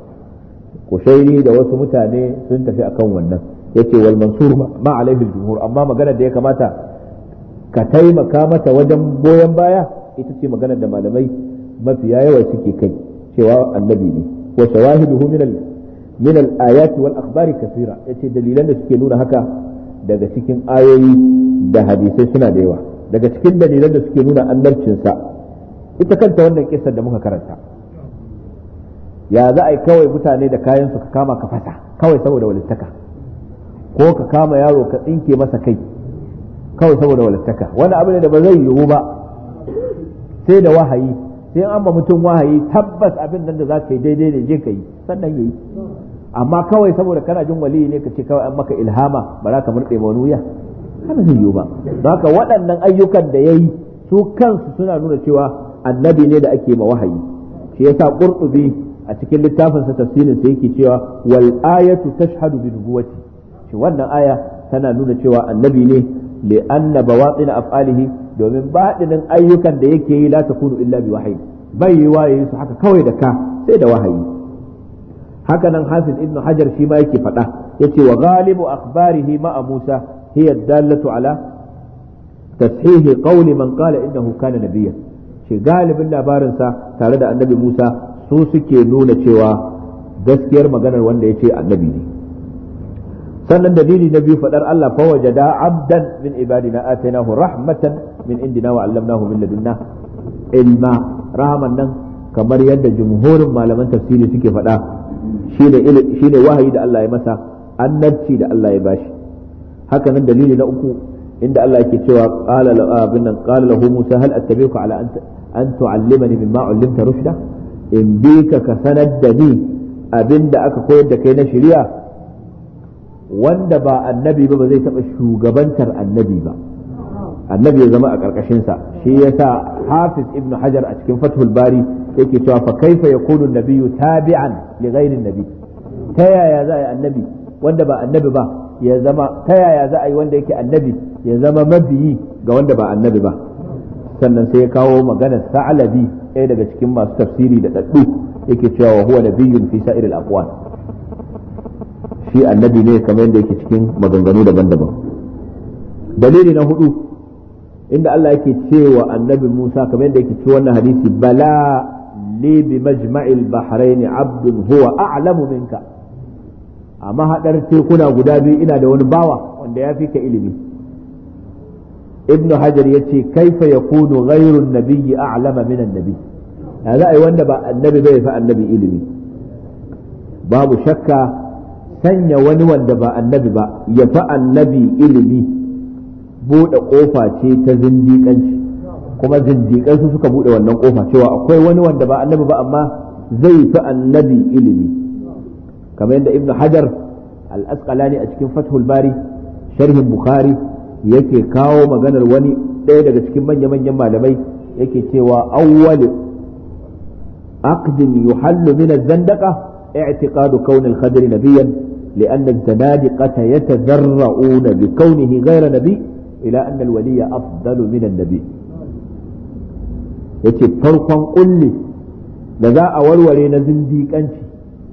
kushairi da wasu mutane sun tafi akan wannan ce wal mansur ma alaihi jumhur amma maganar da ya kamata ka taimaka mata wajen goyon baya ita ce maganar da malamai mafiya yawa suke kai cewa annabi ne wa shawahiduhu min al min al ayati wal akhbari kathira yace dalilan da suke nuna haka daga cikin ayoyi da hadisai suna da yawa daga cikin dalilan da suke nuna annabcinsa ita kanta wannan kisar da muka karanta ya za a yi kawai mutane da kayan su ka kama ka fasa kawai saboda walittaka ko ka kama yaro ka tsinke masa kai kawai saboda walittaka wani abu ne da ba zai yiwu ba sai da wahayi sai an ba mutum wahayi tabbas abin nan da za ka yi daidai ne je ka yi sannan ya yi amma kawai saboda kana jin wali ne ka ce kawai an maka ilhama ba za ka murɗe ba wani wuya haka zai yiwu ba waɗannan ayyukan da ya yi su kansu suna nuna cewa annabi ne da ake ma wahayi shi yasa qurtubi a cikin littafin sa tafsirin sa yake cewa wal ayatu tashhadu bi nubuwati shi wannan aya tana nuna cewa annabi ne li anna bawatin af'alihi domin baɗinin ayyukan da yake yi la takunu illa bi wahayi bai yi waye su haka kawai da ka sai da wahayi haka nan hafiz ibnu hajar shi ma yake faɗa yace wa ghalibu akhbarihi ma'a musa hiya dallatu ala tashihi qawli man kala innahu hukana nabiyya shi galibin labarin sa tare da annabi Musa su suke nuna cewa gaskiyar maganar wanda ya ce annabi ne sannan dalili na biyu fadar Allah fa wajada abdan min ibadina atainahu rahmatan min indina wa allamnahu min ladunna ilma rahaman nan kamar yadda jumhurin malaman tafsiri suke faɗa shine shine wahayi da Allah ya masa annabci da Allah ya bashi haka nan dalili na uku inda Allah yake cewa qala ah, abin nan qala lahu Musa hal attabi'uka ala an an tu'allimani mimma ta rushda in bika ka sanar da ni abinda aka koyar da kai na shari'a wanda ba annabi ba ba zai taba shugabantar annabi ba annabi ya zama a karkashin sa shi yasa Hafiz ibnu Hajar a cikin Fathul Bari yake cewa fa kaifa yakunu an-nabiyyu tabi'an li ghayri an-nabi ta yaya za a yi annabi wanda ba annabi ba ya zama ta yaya za a yi wanda yake annabi ya zama mabiyi ga wanda ba annabi ba sannan sai ya kawo maganar sa'alabi ɗaya daga cikin masu tafsiri da ɗaɗɗu yake cewa wa huwa nabiyyun fi sa'iril aqwal shi annabi ne kamar yadda yake cikin maganganu daban-daban dalili na hudu inda Allah yake cewa annabi Musa kamar yadda yake cewa wannan hadisi bala li bi majma'il bahrain abdun huwa a'lamu minka a mahaɗar tekuna guda biyu ina da wani bawa wanda ya fi ka ilimi ibnu hajar ya ce kaifa ya kunu ghairun nabiyyi a'lama min annabi ya za a yi wanda ba annabi bai fi annabi ilimi babu shakka sanya wani wanda ba annabi ba ya fi annabi ilimi buɗe ƙofa ce ta zindiƙanci kuma zindiƙan su suka buɗe wannan ƙofa cewa akwai wani wanda ba annabi ba amma zai fi annabi ilimi kamar yadda ibnu hajar al-asqalani a cikin fathul bari sharhin bukhari yake kawo maganar wani ɗaya daga cikin manya-manyan malamai yake cewa awwal aqdin yuhallu min az-zandaqa i'tiqadu kawn al-khadri nabiyyan لأن الزنادقة يتذرعون بكونه غير نبي إلى أن الولي أفضل من النبي yace farkon kulli da za a warware na zindiƙanci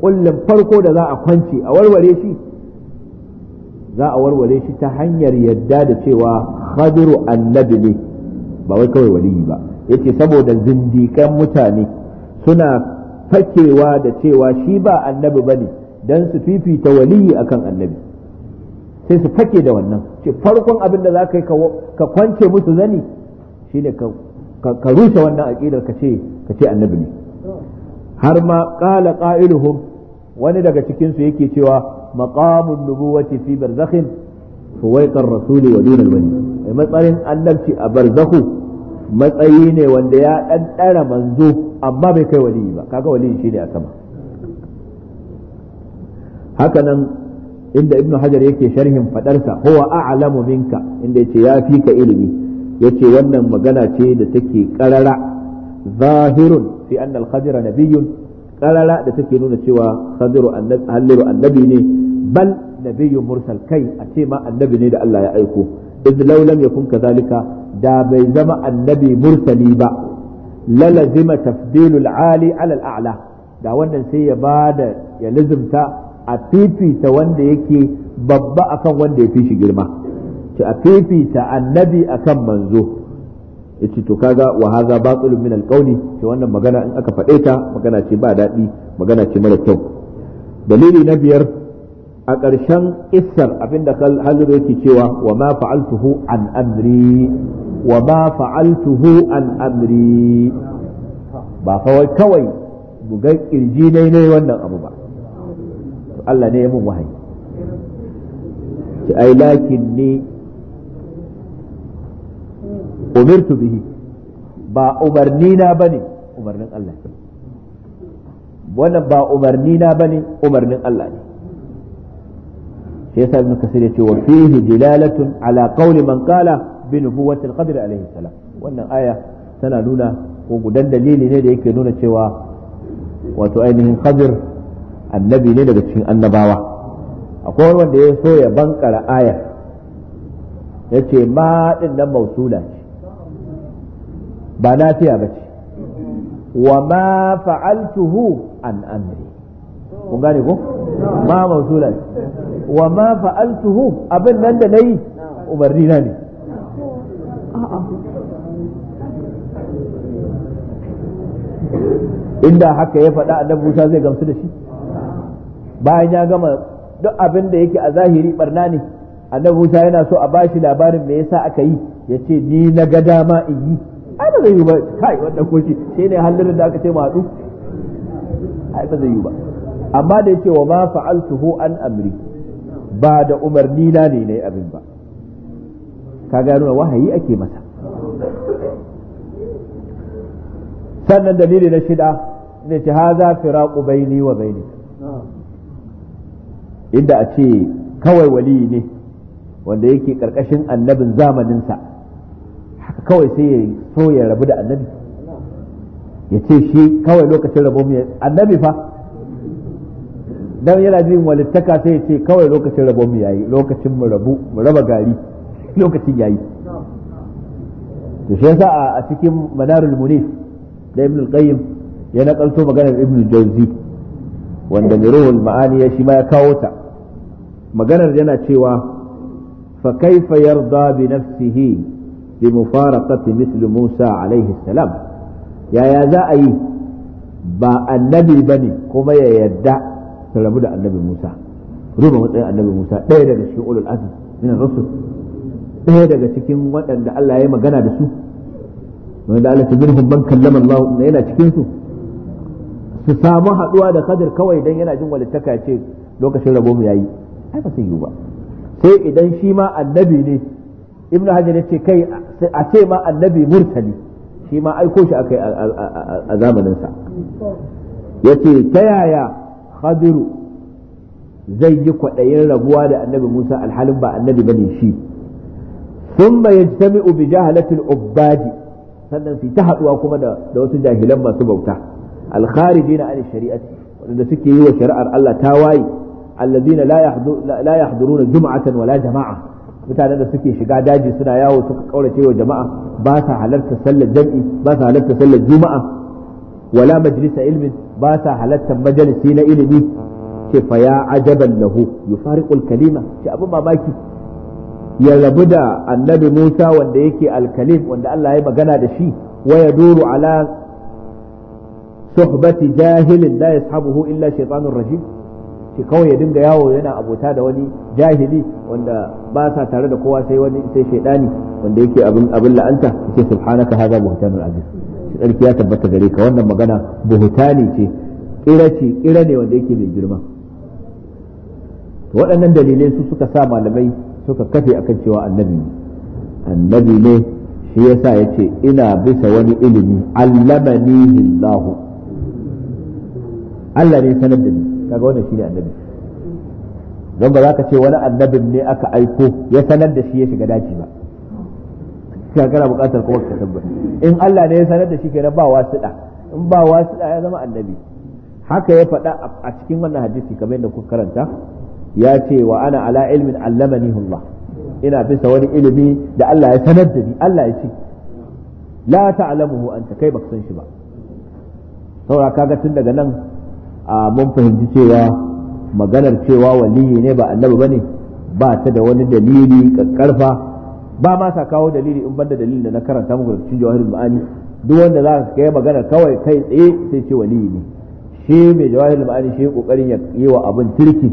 kullum farko da za a kwance a warware shi za a warware shi ta hanyar yadda da cewa khadiru annabi ne ba wai kawai waliyi ba yace saboda zindikan mutane suna fakewa da cewa shi ba annabi bane dan su fifita waliyi akan annabi sai su fake da wannan ce farkon abin da za ka yi ka kwance musu zani shine ka rushe wannan aqidar ka ce ka ce annabi ne har ma qala qailuhum wani daga cikin su yake cewa maqamun nubuwati fi barzakhin fuwaiqar rasuli wa dunal wani matsayin annabci a barzakhu matsayi ne wanda ya ɗanɗara manzo amma bai kai waliyi ba kaga waliyi shi ne a sama hakanan inda ibnu hajar yake sharhin fadarsa huwa a'lamu minka inda yace ya fi ka ilimi yace wannan magana ce da take karara zahirun fi anna al-khadir nabiyyun karara da take nuna cewa khadiru annabi halliru annabi ne bal nabiyyu mursal kai a ce ma annabi ne da Allah ya aiko idh law lam yakun kadhalika da bai zama annabi mursali ba lalazima tafdilul ali ala da wannan sai ya bada ya lazimta a fifita wanda yake babba akan wanda ya fi shi girma ce a fifita annabi akan manzo yace to kaga wa hadha batilun min alqawli to wannan magana in aka faɗe ta magana ce ba daɗi magana ce mara kyau dalili na biyar a ƙarshen issar abinda haliru yake cewa wa ma fa'altuhu an amri wa ma fa'altuhu an amri ba kawai kawai bugan kirji ne ne wannan abu ba Allah ne ya mun wahayi ai lakin ni umirtu bihi ba umarni na bane umarnin Allah ne wannan ba umarni na bane umarnin Allah ne sai yasa ibn kasir yace wa fihi dilalatun ala qawli man qala bi nubuwwati al-qadr alayhi salam wannan aya tana nuna ko gudan dalili ne da yake nuna cewa wato ainihin khadir annabi ne daga cikin annabawa akwai wanda ya so ya bankara aya yace ma din nan mausula ce ba nafiya ba ce wa ma fa'altuhu an amri kun gane ko ma mausula wa ma fa'altuhu abin nan da na yi umarni na ne inda haka ya faɗa annabi Musa zai gamsu da shi bayan ya gama duk abin da yake a zahiri barna ne annabi Musa yana so a bashi labarin me yasa aka yi yace ni na ga dama in yi ai ba zai yi ba kai wannan ko shi shi ne hallin da aka ce ma haɗu ai ba zai yi ba amma da yake wa ma fa'altuhu an amri ba da umarni na ne nayi abin ba ka gano wahayi ake masa sannan dalili na shida ne ce haza firaqu baini wa baini inda a ce kawai wali ne wanda yake karkashin annabin zamaninsa kawai sai ya so ya rabu da annabi ya ce shi kawai lokacin rabo mu annabi fa dan yana jin walittaka sai ya ce kawai lokacin rabo mu yayi lokacin mu rabu mu raba gari lokacin yayi to shi yasa a cikin manarul munif da ibn al-qayyim ya nakalto maganar ibn al-jawzi wanda miruhul ma'ani ya shi ma ya kawo ta maganar yana cewa fa kaifa yarda bi nafsihi bi mufaraqati misli Musa alaihi salam yaya za a yi ba annabi bane kuma ya yadda ta rabu da annabi Musa ruba matsayin annabi Musa ɗaya daga cikin ulul azmi min ar-rusul ɗaya daga cikin Allah ya yi magana da su wanda Allah minhum yana cikin su su samu haɗuwa da Khadir kawai dan yana jin walittaka ce lokacin rabo mu yayi ba sai idan shi ma annabi ne ibnu hajar ya ce kai a ce ma annabi murtali shi ma aiko shi akai a zamaninsa ya ce ta yaya khadiru zai yi kwaɗayin rabuwa da annabi musa alhalin ba annabi bane shi sun bai jami'u bi jahalatul ubbadi sannan su ta haɗuwa kuma da wasu jahilan masu bauta alkharijina an shari'ati wanda suke yi wa shari'ar Allah ta waye alladhina la yahduruna jum'atan wala jama'a mutanen da suke shiga daji suna yawo suka kaurace wa jama'a ba sa halarta sallar jam'i ba sa halarta sallar juma'a wala majlisa ilmin ba sa halarta majalisi na ilimi ce fa ya ajaban lahu yufariqul kalima ce abin mamaki ya rabu da annabi Musa wanda yake alkalim wanda Allah ya magana da shi wa yaduru ala suhbati jahilin la yashabuhu illa shaytanur rajim kawai ya dinga yawo yana abota da wani jahili wanda ba sa tare da kowa sai wani sai shaidani wanda yake abin abin la'anta yace subhanaka hadha buhtanul aziz sarki ya tabbata gare ka wannan magana buhtani ce kira ce kira ne wanda yake mai girma waɗannan dalilai su suka sa malamai suka kafe akan cewa annabi ne annabi ne shi yasa yace ina bisa wani ilimi allamani Allah Allah ne sanar da ni kaga wannan shine annabi don ba za ka ce wani annabin ne aka aiko ya sanar da shi ya shiga daji ba shi kana buƙatar kuma ka tabbata in Allah ne ya sanar da shi kenan ba wasiɗa in ba wasiɗa ya zama annabi haka ya faɗa a cikin wannan hadisi kamar yadda kuka karanta ya ce wa ana ala ilmin allamani Allah ina bisa wani ilimi da Allah ya sanar da ni Allah ya ce la ta'lamuhu anta kai baka san shi ba saura kaga tun daga nan a mun fahimci cewa maganar cewa waliyi ne ba annabi bane ba ta da wani dalili karfa ba ma sa kawo dalili in banda dalilin da na karanta muku cikin jawahirul ma'ani duk wanda za ka kai magana kawai kai tsaye sai ce waliyi ne shi mai jawahirul ma'ani shi kokarin ya yi wa abin turki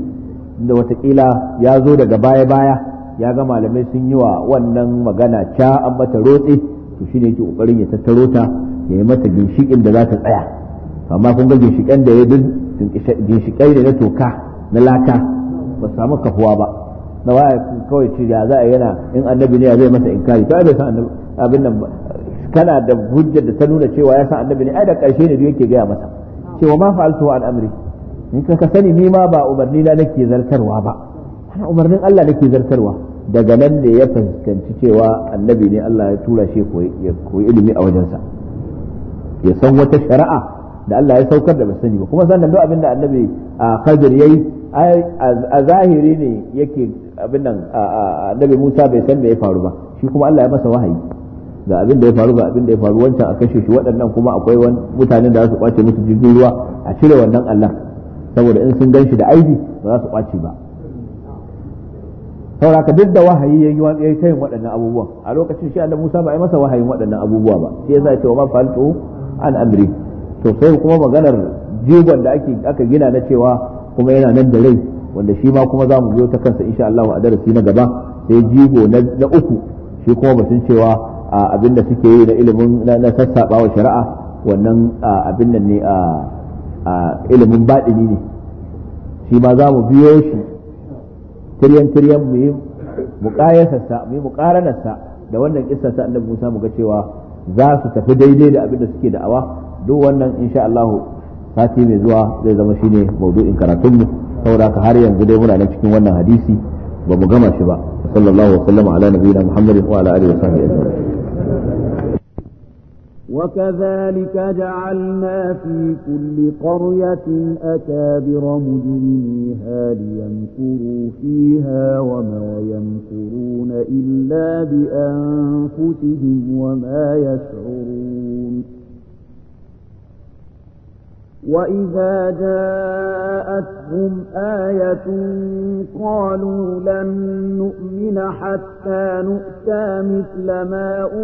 da watakila ya zo daga baya baya ya ga malamai sun yi wa wannan magana ca an mata rotse to shi ne yake kokarin ya tattaro ta ya yi mata ginshikin da za ta tsaya amma kun ga ginshikin da ya duk ginshiƙai ne na toka na laka ba samu kafuwa ba na waya kawai ce ya za a yana in annabi ne ya zai masa inkari to ai bai san abin nan kana da hujjar da ta nuna cewa ya san annabi ne ai da ƙarshe ne duk yake gaya masa cewa ma fa'altu an amri in ka ka sani ni ma ba umarni na nake zartarwa ba ana umarnin Allah nake zartarwa daga nan ne ya fahimci cewa annabi ne Allah ya tura shi ya koyi ilimi a wajensa ya san wata shari'a da Allah ya saukar da ba sani ba kuma sannan duk abin da annabi Khadir yayi a zahiri ne yake abin nan annabi Musa bai san me ya faru ba shi kuma Allah ya masa wahayi ga abin da ya faru ga abin da ya faru wancan a kashe shi waɗannan kuma akwai wani mutanen da za su kwace musu jirgin ruwa a cire wannan Allah saboda in sun ganshi da aibi ba za su kwace ba sauraka duk da wahayi ya yi ta yin waɗannan abubuwan a lokacin shi Allah Musa ba ya masa wahayin waɗannan abubuwa ba shi yasa ya ce wa ma an amri to kuma maganar jigon da ake aka gina na cewa kuma yana nan da rai wanda shi ma kuma za mu biyo ta kansa insha Allah a darasi na gaba sai jigo na uku shi kuma batun cewa abin da suke yi na ilimin na sassaba wa shari'a wannan abin nan ne a ilimin baɗini ne shi ma za mu biyo shi tiryan tiryan mu yi muƙayasarsa mu yi muƙaranarsa da wannan kissa ta annabi Musa mu ga cewa za su tafi daidai da abin da suke da'awa duk wannan insha Allah sati mai zuwa zai zama shine maudu'in karatun mu saboda ka har yanzu dai muna nan cikin wannan hadisi ba mu gama shi ba sallallahu alaihi wa sallam ala nabiyina muhammadin wa ala alihi wa sahbihi ajma'in وكذلك جعلنا في كل قرية أكابر مجرميها ليمكروا فيها وما يمكرون إلا بأنفسهم وما يشعرون وإذا جاءتهم آية قالوا لن نؤمن حتى نؤتى مثل ما أوتي